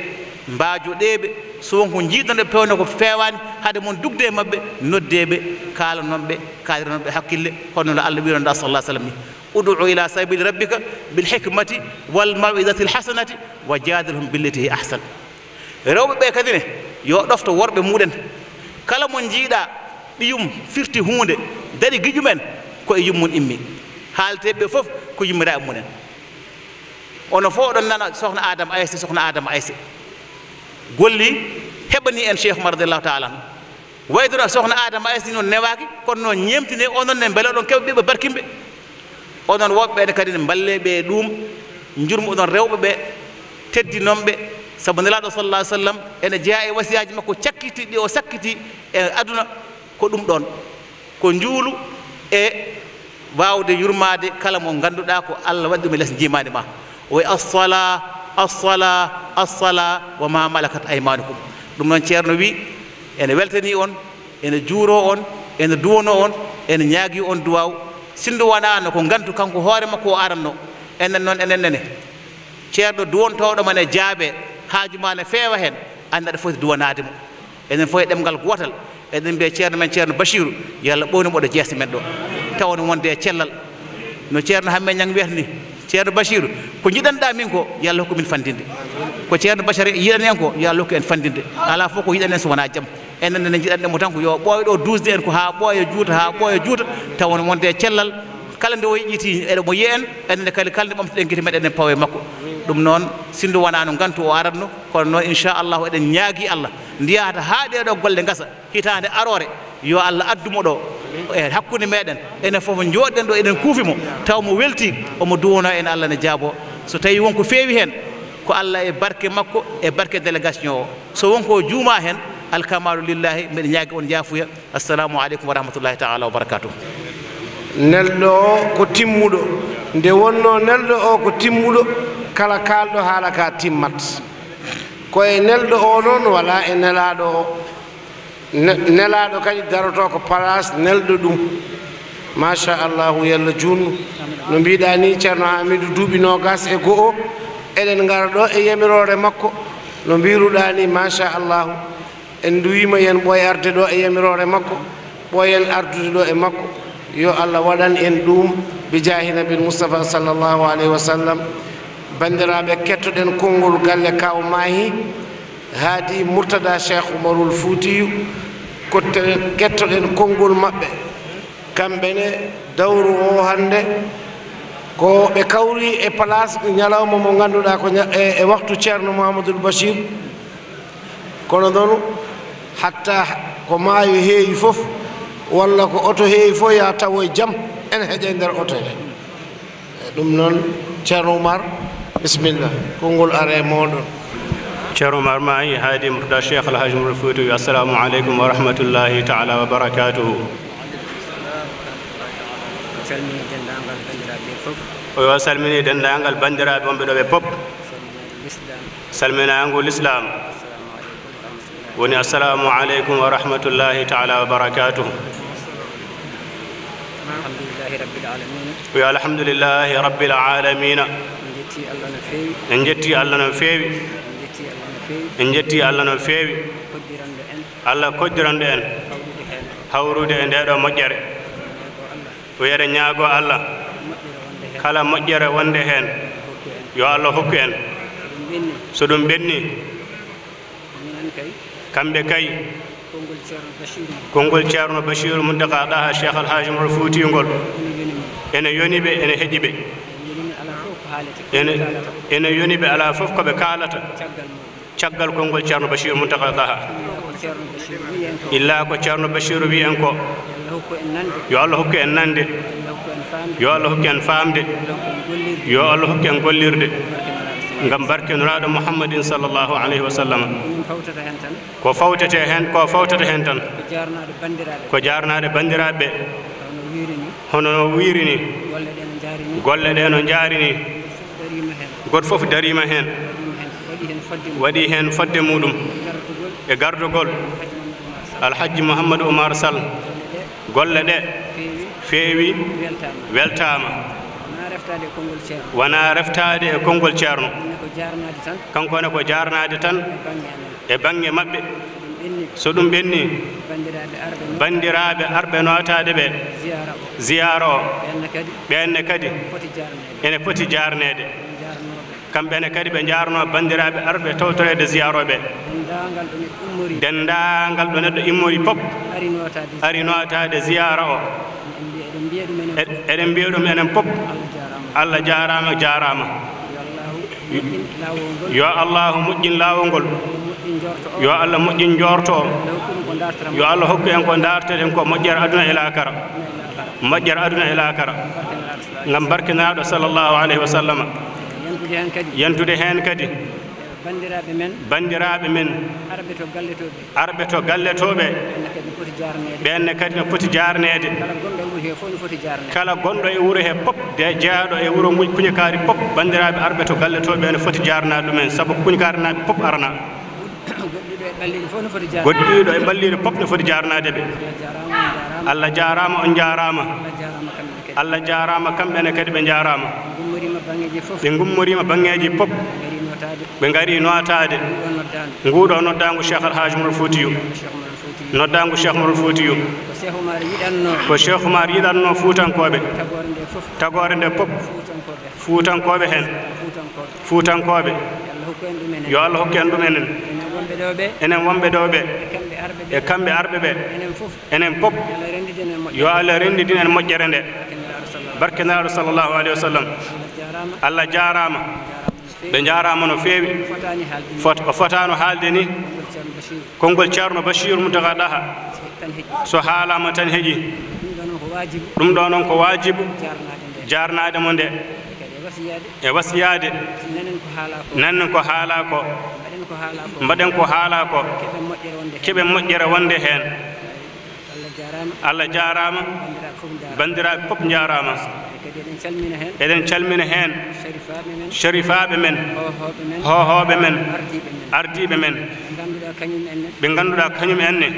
mbajoɗeɓe sowonko jiidande pewne ko fewani haade moon dugde e mabɓe noddeɓe kalanonɓe kalirnonɓe hakkille honnono allah wiranda sala sallam ni udu ila sabili rabbika bilhikmati walmawidati lhasanati wa jadilhum billetihi ahsan rewɓeɓe kadi ne yo ɗofto worɓe muɗen kala mo jiiɗa ɗiyum firti hunde dari guiƴumen koye yummum immi haalteɓeɓe fof ko yummira e mumen ono fo oɗon nana sokhna adama aysi sokhna adama aysi golli heɓani en cheikh omar radiallahu taala an waydora sokhna adama aysi noon newaki kono noon ñemtine onon ne beele oɗon keɓa ɓiɓe barkimɓe onon woɓɓeɓene kadi ne mballeɓe e ɗum jurmu oɗon rewɓeɓe teddinomɓe saabu nelaɗo sallah sallam ene jeeya e wasiyaji makko cakkiti ɗi o sakkiti e aduna ko ɗum ɗon ko njuulu e wawde yurmade kala mo ganduɗa ko allah waɗi ɗum e less jimade ma oyi assola assola assola wa ma malakat aymanukum ɗum noon ceerno wi ene weltani on ene juuro on ene duwono on ene ñaagi on duwaw sinndu wonano ko gandu kanko hoore makko o aranno enen noon enen nene ceerno duwontoɗo mane jaaɓe haaju ma ne feewa hen anndi aɗa foti e duwanade mo enen fof e ɗemgal gotal eɗen mbiya ceerno men ceerno bachiru yo allah ɓowni mboɗo jeese men ɗo tawno wonde e cellal no ceerno hamme ñang wiyata ni ceerno bachiru ko jiɗanɗa min ko yo allah hokku min fandinde ko ceerno bachari yiɗani en ko yo allah hokku en fandinde ala fof ko yiɗani en so wona jaam enen ene jiɗanɗe mo tan ko yo ɓooya ɗo dusde en ko ha ɓooya juuta ha ɓooya juuta tawno wonde e cellal kala nde woyiƴiti eɗe mo yiyen enene kadi kala nde ɓamtoɗen guite meɗen en pawa e makko ɗum noon sindu wona no gantu o aratno kono noon inchallahu eɗen ñaagui allah ndiyata ha ɗeɗo golle gasa hitande arore yo allah addumo ɗo e hakkude meɗen enen foof jooɗɗen ɗo eɗen kuufimo taw mo welti omo duwono en allah ne jaabo so tawi wonko feewi hen ko allah e barke makko e barke délégation o so wonko juuma hen alkamadu lillahi mbiɗa ñaagi on jaafuya assalamu aleykum wa rahmatullahi taala wabarakatuh nelɗo o ko timmuɗo nde wonno nelɗo o ko timmuɗo kala kalɗo haala ka timmat koye nelɗo o noon wala e nelaɗo o nelaɗo kadi daroto ko place nelɗo ɗum machallahu yallah junnu no mbiɗa ni ceerno hamidou duuɓi nogas e go o eɗen gara ɗo e yamirore makko no mbiruɗa ni machallahu en duwima yen ɓoy arde ɗo e yamirore makko ɓoyen ardude ɗo e makko yo allah waɗan en ɗum bi jahinabin moustapha sallllahu alayhi wa sallam bandiraɓe kettoɗen konngol galle kaw mahi haadi murtada cheikh oumarul fuutiyu kettoɗen konngol maɓɓe kamɓene dawru o hannde ko ɓe kawri e place ñalawma mo ngannduɗa ko e waktu ceerno mouhamadoul bachir kono noon hatta ko maayo heewi fof walla ko oto heewi fof ya tawo e jam ene heƴe ndeer oto he ɗum noon ceerno oumar بسم الله كونغول اري مودو شارو مرماي هادي مرد الشيخ الحاج مرفوتو السلام عليكم ورحمه الله تعالى وبركاته سلمي دندانغال بندرا بي فوب ويو سلمي سلمنا انغو الاسلام وني السلام عليكم ورحمه الله تعالى وبركاته الحمد لله رب العالمين ويا الحمد لله رب العالمين en jetti allah no feewi en jetti allah no feewi allah koddiranɗo en hawrude e ndeɗo moƴƴere wiyere ñaago allah kala moƴƴere wonde heen yo allah hokku en so ɗum ɓenni kamɓe kay konngol ceerno bachir muntaka ɗaha cheikh alhaji mor fuutingol ene yoni ɓe ene heƴi ɓe إن إن يوني على فوق بكالة شغل كونغول شارن بشير منتقى ظاها إلا كو شارن بشير بيانكو يا الله هو كأنند يا الله هو كأنفامد يا الله هو كأنقوليرد غمبر كنراد محمد صلى الله عليه وسلم كو فوتة تهنت كو فوتة تهنت كو جارنا البندرة كو جارنا البندرة ب هنو ويرني قل لي أنا جارني god fof darima hen waɗi hen fadde muɗum e gardogol alhaji mouhamadou oumar sall golle ɗe feewi weltama wona reftade e konngol ceerno ne ko jarnade tan e bangge maɓɓe so ɗum ɓenni bandiraɓe arɓe notade ɓe ziyara o ɓenne kadi ene poti jarnede kamɓene kadi ɓe jarno bandiraɓe arɓe tawtorede siyaroɓe dendagal ɗo neɗɗo immori pop ari notade siyara o eɗen mbiya ɗum enen pop allah jarama jarama yo allahu moƴƴin lawol ngol yo allah moƴƴin jorto o yo allah hokku en ko darteten ko moƴƴere aduna ila e kara e moƴƴere aduna ila e kara gam barkinaɗo sallllahu aleyhi wa sallama yantude heen kadi banndiraaɓe men arɓe to galletooɓe ɓeenne kadi no poti jaarneede kala gonɗo e wuro hee pop jeyaaɗo e wuro e muji kuñakaari pop banndiraaɓe arɓe to galletooɓe no foti jaarnaade ɗumen sabu kuñakaari naaɓe pop arana goɗɗiiɗo e ɓalliiɗo pop no foti jaarnaade e ɓe allah jaaraama on jaaraama allah jaaraama kamɓe ne kadi ɓe njaaraama ɓe gummorima bangeji pop ɓe gari notade nguuɗo noddago cheikh alhajumol fotiyo noddago cheikh mol fotiyo ko cheikh oumar yiɗanno fuutankoɓe tagore nde pop fuutankoɓe hen fuutankoɓe yo allah hokki en ɗum enen enen wonɓe ɗowɓe e, e kamɓe arɓe ɓe enen pop yo allah renndidin en moƴƴere nde barkenaɗo sallllahu alayhi wa sallam allah jarama ɓe jarama no fewi o fotano haalde ni konngol ceerno bachiru mudaga ɗaha so haalama tan heeƴi ɗum ɗo noon ko wajibu jarnade mo nde e wasiyade nannen ko haala ko mbaɗen ko haala ko keɓe moƴƴere wonde heen allah jarama bandiraɓe fof jarama e eɗen calmina hen sharifaɓe men hohoɓe men ardiɓe men ɓe ganduɗa kañum enne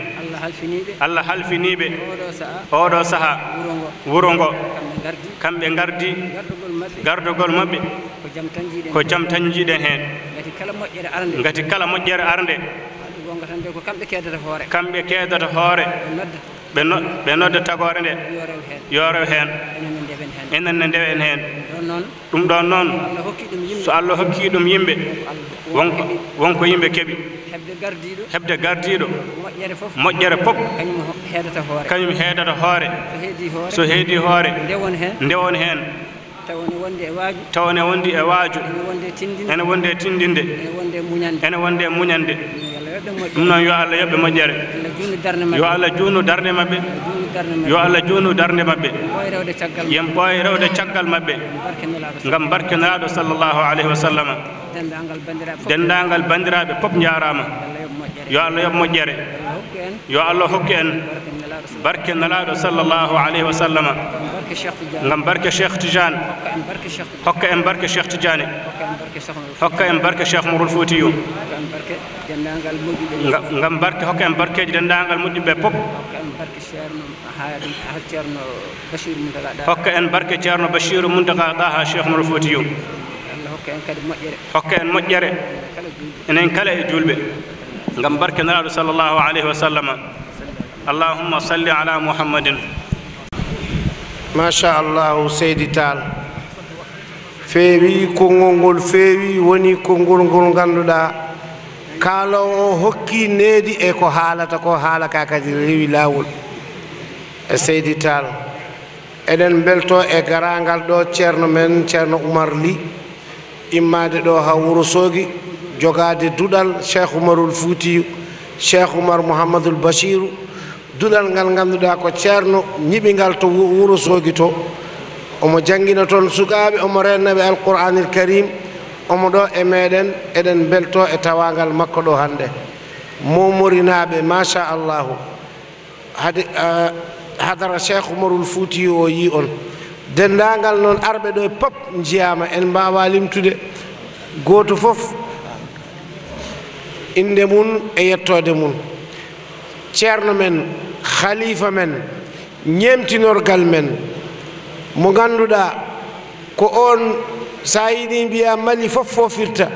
allah halfiniɓe oɗo saaha wuuro ngo kamɓe gardi gardogol mabɓe ko jam tañjiɗen hen gati kala moƴƴere arde kamɓe kedata hoore ɓe nodde tagore nde yorew hen enen ne ndewen hen ɗum ɗon noon so allah hokki ɗum yimɓe wonko wonko yimɓe keeɓi heɓde gardiɗo moƴƴere foof kañum heedata hoore so heedi hoore ndewon hen tawne e wondi e waaju ene wondi e tindinde ene wondi e muñande ɗum noon yo allah yoɓɓe moƴƴere yo allah juunu darnde maɓɓe yo allah juunu darnde maɓɓe yen ɓooy rewde caggal maɓɓe ngam barkenoraaɗo sallllahu alayhi wa sallam dendangal bandiraɓe pop jarama yo allah mo jere yo allah hokki en barke nalaɗo sallallahu alayhi wa sallama barke cheikh tijan hokka en barke cheikh tidiane hokka en barke cheikh murul fouti yo barke hokka en barkeji dendagal moƴƴuɓe pop hokka en barke ceerno bashir muntaka ɗaha cheikh murul fouti yo حكا المجرى إن إنكلا يجول به غمبر كنار رسول الله عليه وسلم اللهم صل على محمد ما شاء الله سيدي تعالى فيبي كونغول فيبي وني كونغول كونغاندو دا كالو هوكي نيدي ايكو حالة كو حالة كاكادي ريوي لاول سيدي تعالى إلن بلتو إغرانغال دو تشيرنو من تشيرنو عمر لي immade ɗo ha wuro soogi jogade duɗal cheikh oumarul fuutiyu cheikh oumar mouhamadoul bachiru duɗal ngal ngannduɗa ko ceerno ñiɓingal to wuro soogi to omo janngina toon sukaaɓe omo rennaɓe alqouranil karim omo ɗo e meɗen eɗen belto e tawangal makko ɗo hannde momorinaaɓe machallahu hade hadara cheikh oumarul fuutiyu o yi on dendagal noon arɓe ɗo e pop jiyama en mbawa limtude goto foof inde mun e yettode mun ceerno men khalifa men ñemtinorgal men mo ganduɗa ko on sa yiɗi mbiya mali foof fofirta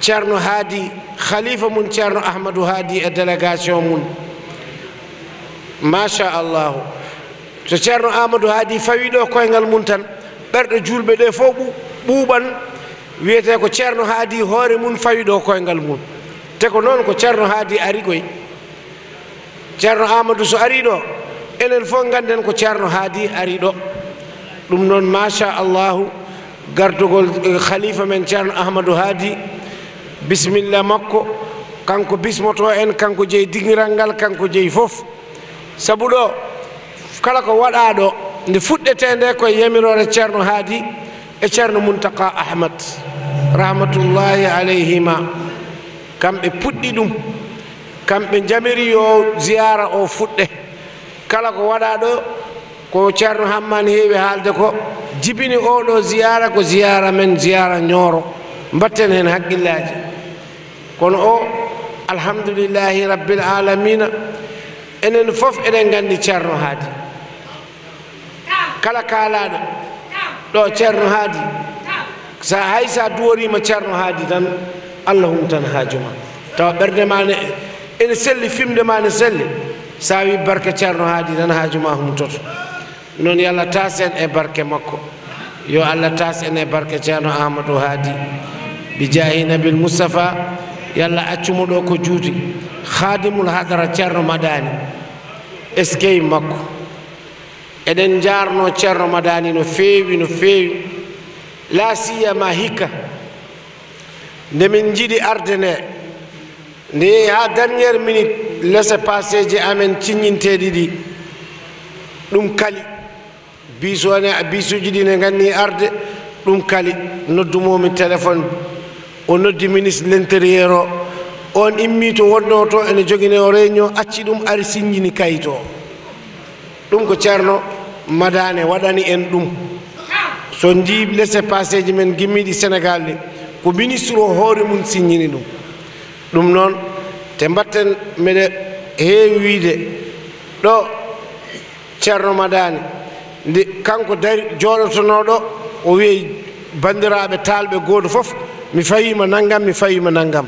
ceerno haadi khalifa mum ceerno ahmadou haadi e délégation mun machallahu to ceerno amadou haadi fawi ɗo koyngal mum tan ɓerɗe julɓe ɗe fof ɓuuɓan wiyete ko ceerno haadi hoore mum fawi ɗo koyngal mum te ko noon ko ceerno haadi ari koy ceerno amadou so ari ɗo enen fof ganden ko ceerno haadi ari ɗo ɗum noon machallahu gardugol e, khalifa men ceerno ahmadou haadi bisimilla makko kanko bismoto en kanko jeyi digiral ngal kanko jeyi fof sabu ɗo kala ko waɗaɗo nde fuɗɗete nde koye yamirore cerno hadi e cerno muntaka ahmad rahmatullahi alayhima kamɓe puɗɗi ɗum kamɓe jamiri yo ziyara o fudde kala ko wada do ko cerno hamman hewi halde ko jibini o do ziyara ko ziyara men ziyara nyoro mbatten hen hakillaaji kono o alhamdulillahi rabbil alamin enen fof eden gandi cerno hadi kala kaalaɗo ɗo ceerno haadi so hay so duworima ceerno haadi tan allah humtan haajuma tawa ɓerde ma ne ene selli fimde ma ne selli so wi barke ceerno haadi tan haajuma humtoto noon yo allah tas e barke makko yo allah tas e barke ceerno ahmadou haadi bi jahi nabil moustapha yo accumo ɗo ko juuti khadimul hadara ceerno maɗani eskey makko eɗen jarno ceerno madani no fewi no fewi lasiyama hikka nde min jiiɗi arde nde nde yehi ha dernière minute laisse passé je amen ciññinteɗi ɗi ɗum kali bisone bisuji ɗi ne ganni arde ɗum kali noddumomi téléphone o noddi ministre l' intérieur o on immi to wonno to ene joguine o réunion acci ɗum ari siññini kayit o ɗum ko ceerno madane waɗani en ɗum so ndi laisse passé ji men gimmiɗi sénégal ɗi ko ministre o hoore mum signini ɗum ɗum noon te mbatten mbeɗe heewi wiide ɗo ceerno madani nde kanko dari jooɗotonoɗo o wiyey bandiraɓe taalɓe gooto fof mi fayima naggam mi fayima naggam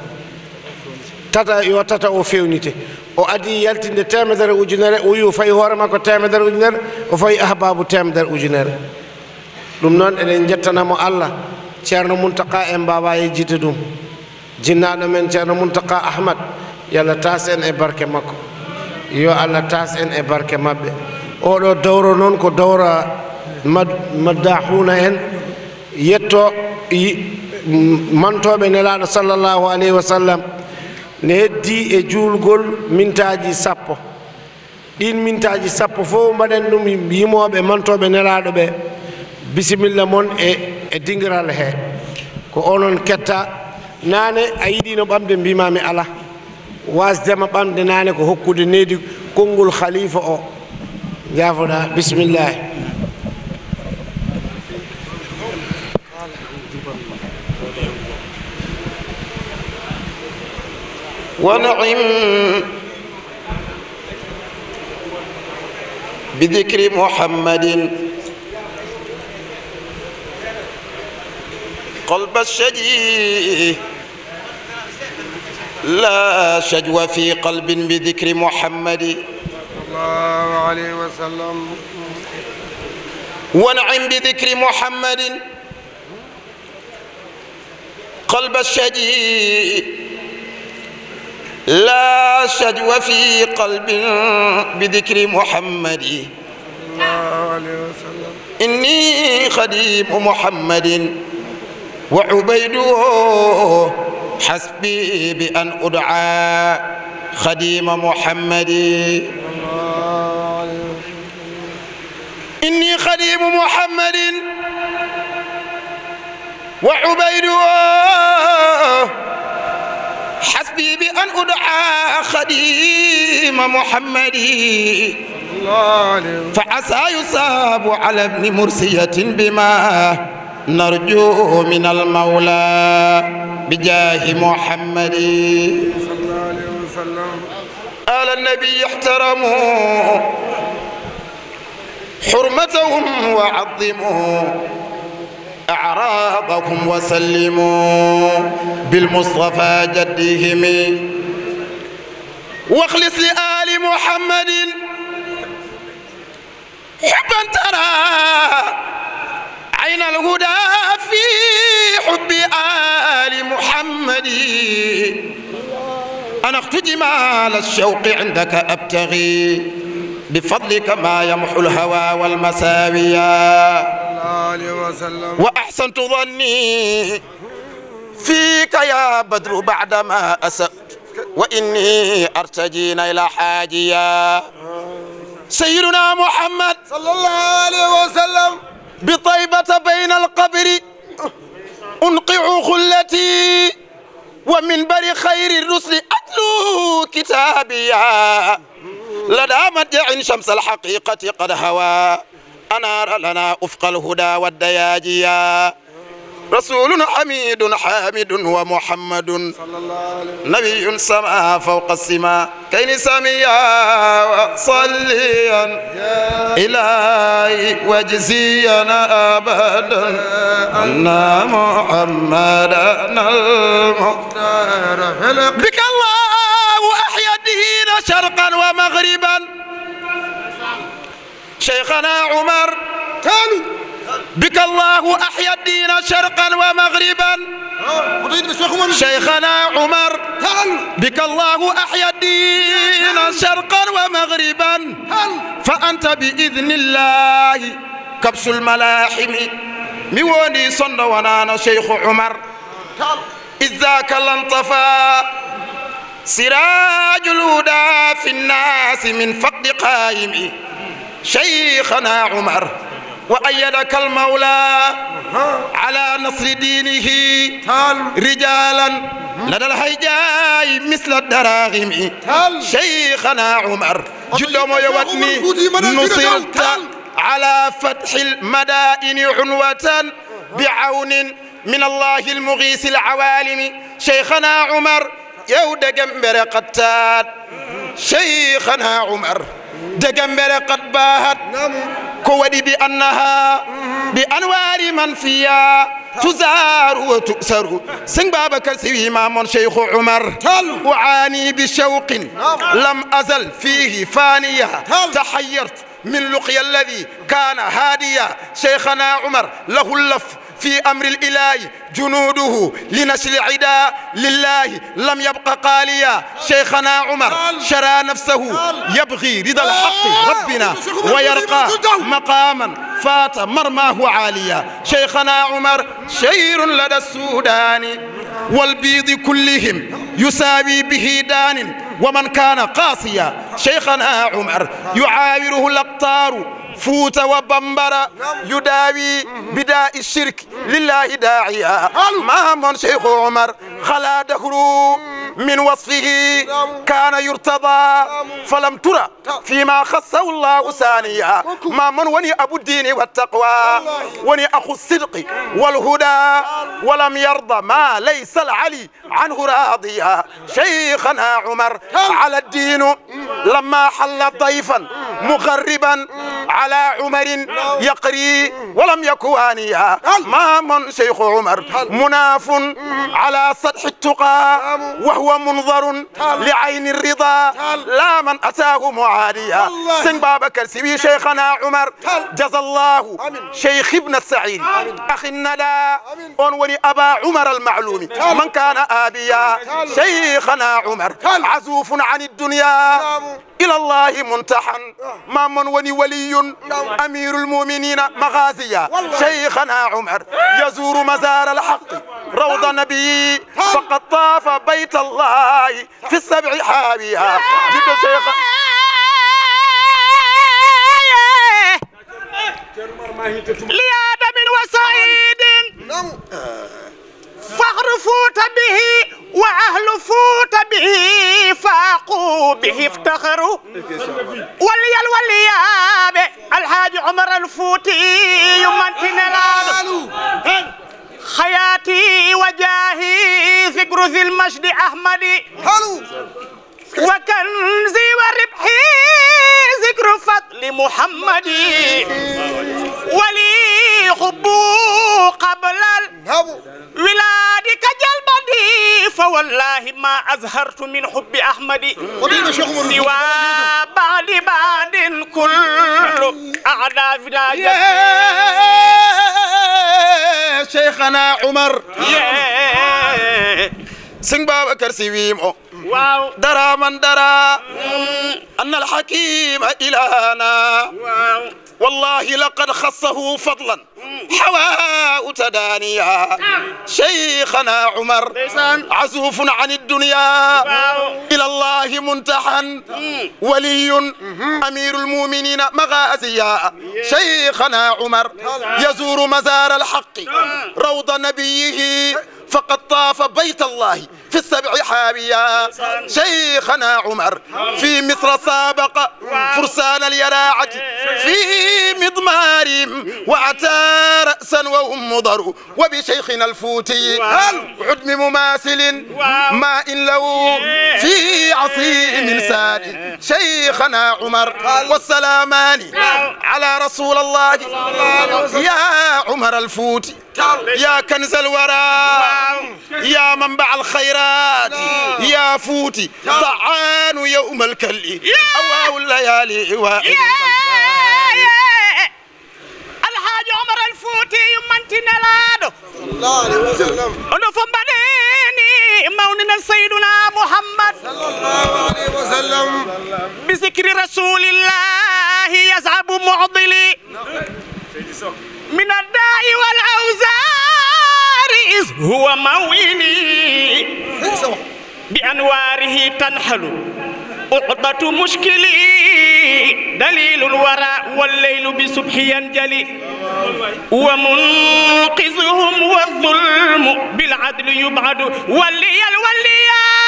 tata yo tata o fewnite o adi yaltinde temedere ujunere o yu fay fayi hoore temedere ujunere o fay ahbabu temedere ujunere dum non noon jettana mo allah cerno muntaka en e jite dum jinnaɗo men cerno muntaka ahmad yalla tas en e barke mako yo allah tas en e barke mabbe o do dawro non ko dawra madahuna en yetto mantoɓe nelaɗo sallllahu alayhi wa sallam ne heddi e juulgol mintaji sappo ɗin mintaji sappo fof mbaɗen ɗum yimoɓe mantoɓe nelaɗo ɓe bisimilla moon e e dingiral he ko onon ketta nane a yiɗino ɓamde mbimami ala wasdema ɓamde nane ko hokkude nedi konngol khalifa o jafoɗa bisimillahi ونعم بذكر محمد قلب الشجي لا شجوى في قلب بذكر محمد صلى الله عليه وسلم ونعم بذكر محمد قلب الشجي لا شجو في قلب بذكر محمد إني خديم محمد وعبيده حسبي بأن أدعى خديم محمد إني خديم محمد وعبيده أن أدعى خديم محمد فعسى يصاب على ابن مرسية بما نرجو من المولى بجاه محمد صلى الله عليه وسلم آل النبي احترموا حرمتهم وعظموا أعرابكم وسلموا بالمصطفى جدهم واخلص لآل محمد حبا ترى عين الهدى في حب آل محمد أنا اختدم على الشوق عندك أبتغي بفضلك ما يمحو الهوى والمساوية وأحسنت ظني فيك يا بدر بعدما أسأت وإني أرتجين إلى حاجيا سيدنا محمد صلى الله عليه وسلم بطيبة بين القبر أنقع خلتي ومنبر خير الرسل أتلو كتابيا لدى مدع شمس الحقيقة قد هوى أنار لنا أفق الهدى والدياجيا رسول حميد حامد ومحمد نبي سما فوق السماء كين سميا صليا إلهي وجزينا أبدا أن محمدا المختار بك الله أحيا الدين شرقا ومغربا شيخنا عمر تالي بك الله أحيا الدين شرقا ومغربا شيخنا عمر بك الله أحيا الدين شرقا ومغربا فأنت بإذن الله كبس الملاحم ميوني صند ونانا شيخ عمر إذ ذاك لانطفى سراج الهدى في الناس من فقد قائم شيخنا عمر وأيدك المولى على نصر دينه رجالا لدى الحجاء مثل الدراغم شيخنا عمر جلوم يودني نصرت على فتح المدائن عنوة بعون من الله المغيث العوالم شيخنا عمر يود جمبر قتال شيخنا عمر دجمبر قد باهت نعم. كوادي بأنها بأنوار من فيها تزار وتؤسر سن بابك سوي إمام شيخ عمر أعاني بشوق نعم. لم أزل فيه فانية تحيرت من لقيا الذي كان هاديا شيخنا عمر له اللف في أمر الإله جنوده لنشر العداء لله لم يبقى قاليا شيخنا عمر شرى نفسه يبغي رضا الحق ربنا ويرقى مقاما فات مرماه عاليا شيخنا عمر شير لدى السودان والبيض كلهم يساوي به دان ومن كان قاسيا شيخنا عمر يعاوره الأقطار فوت وبمبرا يداوي بداء الشرك لله داعيا ما من شيخ عمر خلا دخلوا من وصفه كان يرتضى فلم ترى فيما خصه الله ثانيا ما من وني أبو الدين والتقوى وني أخو الصدق والهدى ولم يرضى ما ليس العلي عنه راضيا شيخنا عمر على الدين لما حل ضيفا مغربا على عمر يقري ولم يكوانيا من نعم. شيخ عمر نعم. مناف على سطح التقى نعم. وهو منظر لعين الرضا لا من أتاه معاديا سن بابا كرسي شيخنا عمر جزا الله شيخ ابن السعيد أخي الندى أنوني أبا عمر المعلوم من كان آبيا شيخنا عمر عزوف عن الدنيا إلى الله منتحن ما من وني ولي أمير المؤمنين مغازيا شيخنا عمر يزور مزار الحق روض نبي فقد طاف بيت الله في السبع حاويها جد شيخ لآدم وسعيد نعم. فخر فوت به وأهل فوت به فاقوا به افتخروا ولي الولي الحاج عمر الفوتي يمتن العالم حياتي وجاهي ذكر ذي المجد أحمد حلو وكنزي وربحي ذكر فضل محمد ولي حب قبل الولاد كجلبدي فوالله ما أظهرت من حب أحمد سوى بعد بعد كل أعداء يا شيخنا عمر يا كرسي ويمو واو درى من درى أن الحكيم إلهنا واو والله لقد خصه فضلا حواء تدانيا نعم. شيخنا عمر عزوف عن الدنيا إلى الله منتحا ولي أمير المؤمنين مغازيا شيخنا عمر يزور مزار الحق نعم. روض نبيه فقد طاف بيت الله في السبع حابية شيخنا عمر في مصر سابق فرسان اليراعة في مضمار وأتى رأسا وهم مضر وبشيخنا الفوتي عدم مماثل ماء له في عصيم سان شيخنا عمر والسلامان على رسول الله يا عمر الفوتي يا كنز الورى يا منبع الخير الخيرات نعم. يا فوتي نعم. طعان يوم الكل أواه الليالي يا الحاج عمر الفوتي يمنتي نلادو صلى الله عليه وسلم ونفهم مولنا سيدنا محمد صلى الله عليه وسلم بذكر رسول الله يزعب معضلي نعم. من الداء والأوزار إذ هو مويني بأنواره تنحل عقدة مشكلي دليل الورى والليل بصبح ينجلي ومنقذهم والظلم بالعدل يبعد وليا الوليان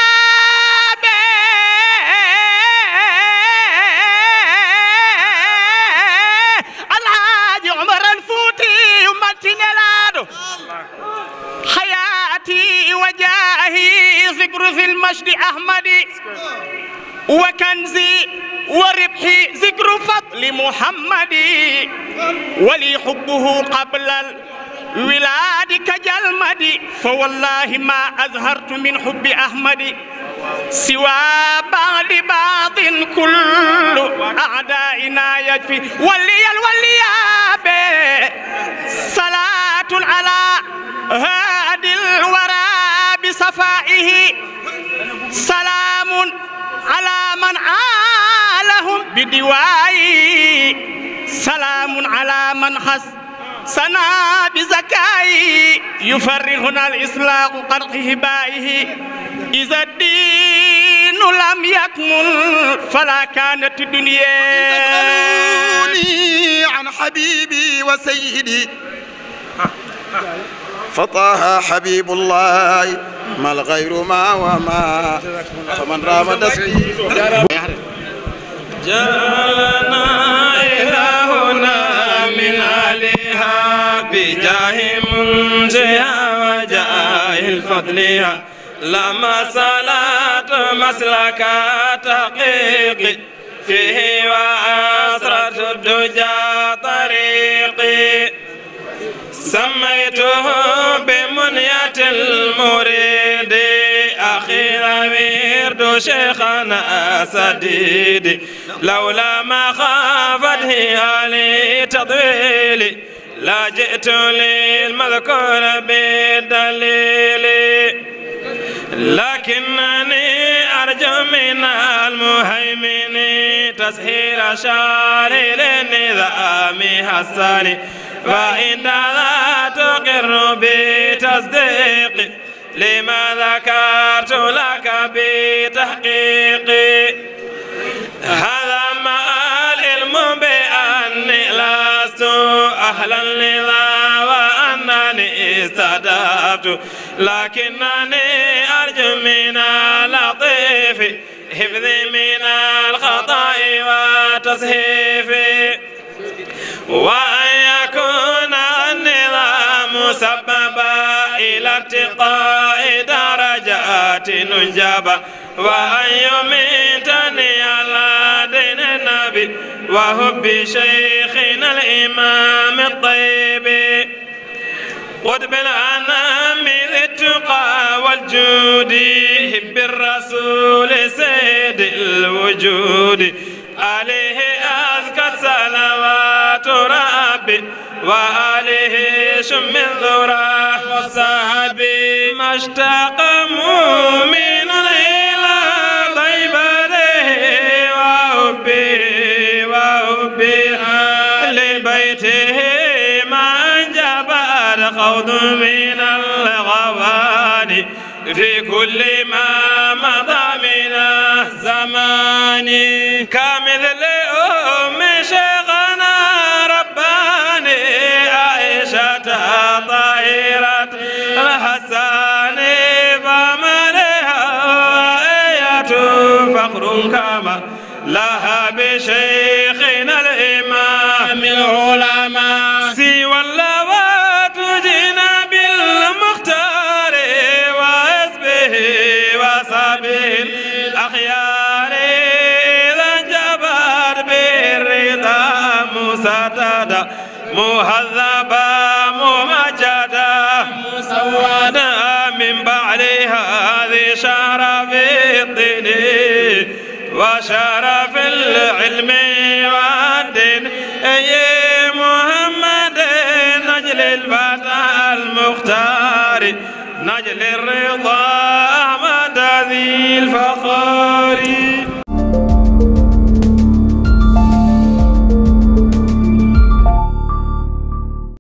ومجد أحمد وكنزي وربحي ذكر فضل محمد ولي حبه قبل ولادك جلمدي فوالله ما أزهرت من حب أحمد سوى بعد بعض كل أعدائنا يجفي ولي الولي صلاة على هادي الورى بصفائه salaamun alaa man aalahum bi diwaayi salaamun alaa man xas sanaa bi zakaayi yufarrihuna al islaaqu qarqi hibaayihi iza diinu lam yakmul fala kaanati dunya an habiibi wa sayyidi فطه حبيب الله ما الغير ما وما فمن رام جعلنا إلهنا من عليها بجاه منزها وجاه الفضلها لما صلات مسلك تحقيقي فيه وأسرة الدجا طريقي سميته بمنية المريد أخيرا ورد شيخنا سديد لولا ما خافته علي تضويلي لا جئت للمذكور بدليل لكنني أرجو من المهيمن تسهيل شاري للنظام حساني فإن لا تقر بتصديقي لما ذكرت لك بتحقيقي هذا ما العلم بأني لست أهلا لذا وأنني استدفت لكنني أرجو من لطيفي حفظي من الخطأ وتصحيفي وأن سببا إلى ارتقاء درجات نجابا وأن يميتني على دين النبي وهب شيخنا الإمام الطيب قد بالأنام التقى والجود حب الرسول سيد الوجود عليه أزكى صلوات ربي وعلي يعيش من ذراه وصحبي ما اشتاق مؤمن إلى طيبته وحبي وحبي لبيته ما أنجب الخوض من الغواني في كل ما مضى من الزمان كمثل أم شغال كما لها بشيخنا الإمام العلماء سوى اللوات جينا بالمختار وحزبه وصحبه الأخيار إذا جبر بالرضا مسددا مهذبا ممجدا مسودا من بعد هذه شهر في الدنيا وشرف العلم والدين أي محمد نجل الفتى المختار نجل الرضا أحمد ذي الفخار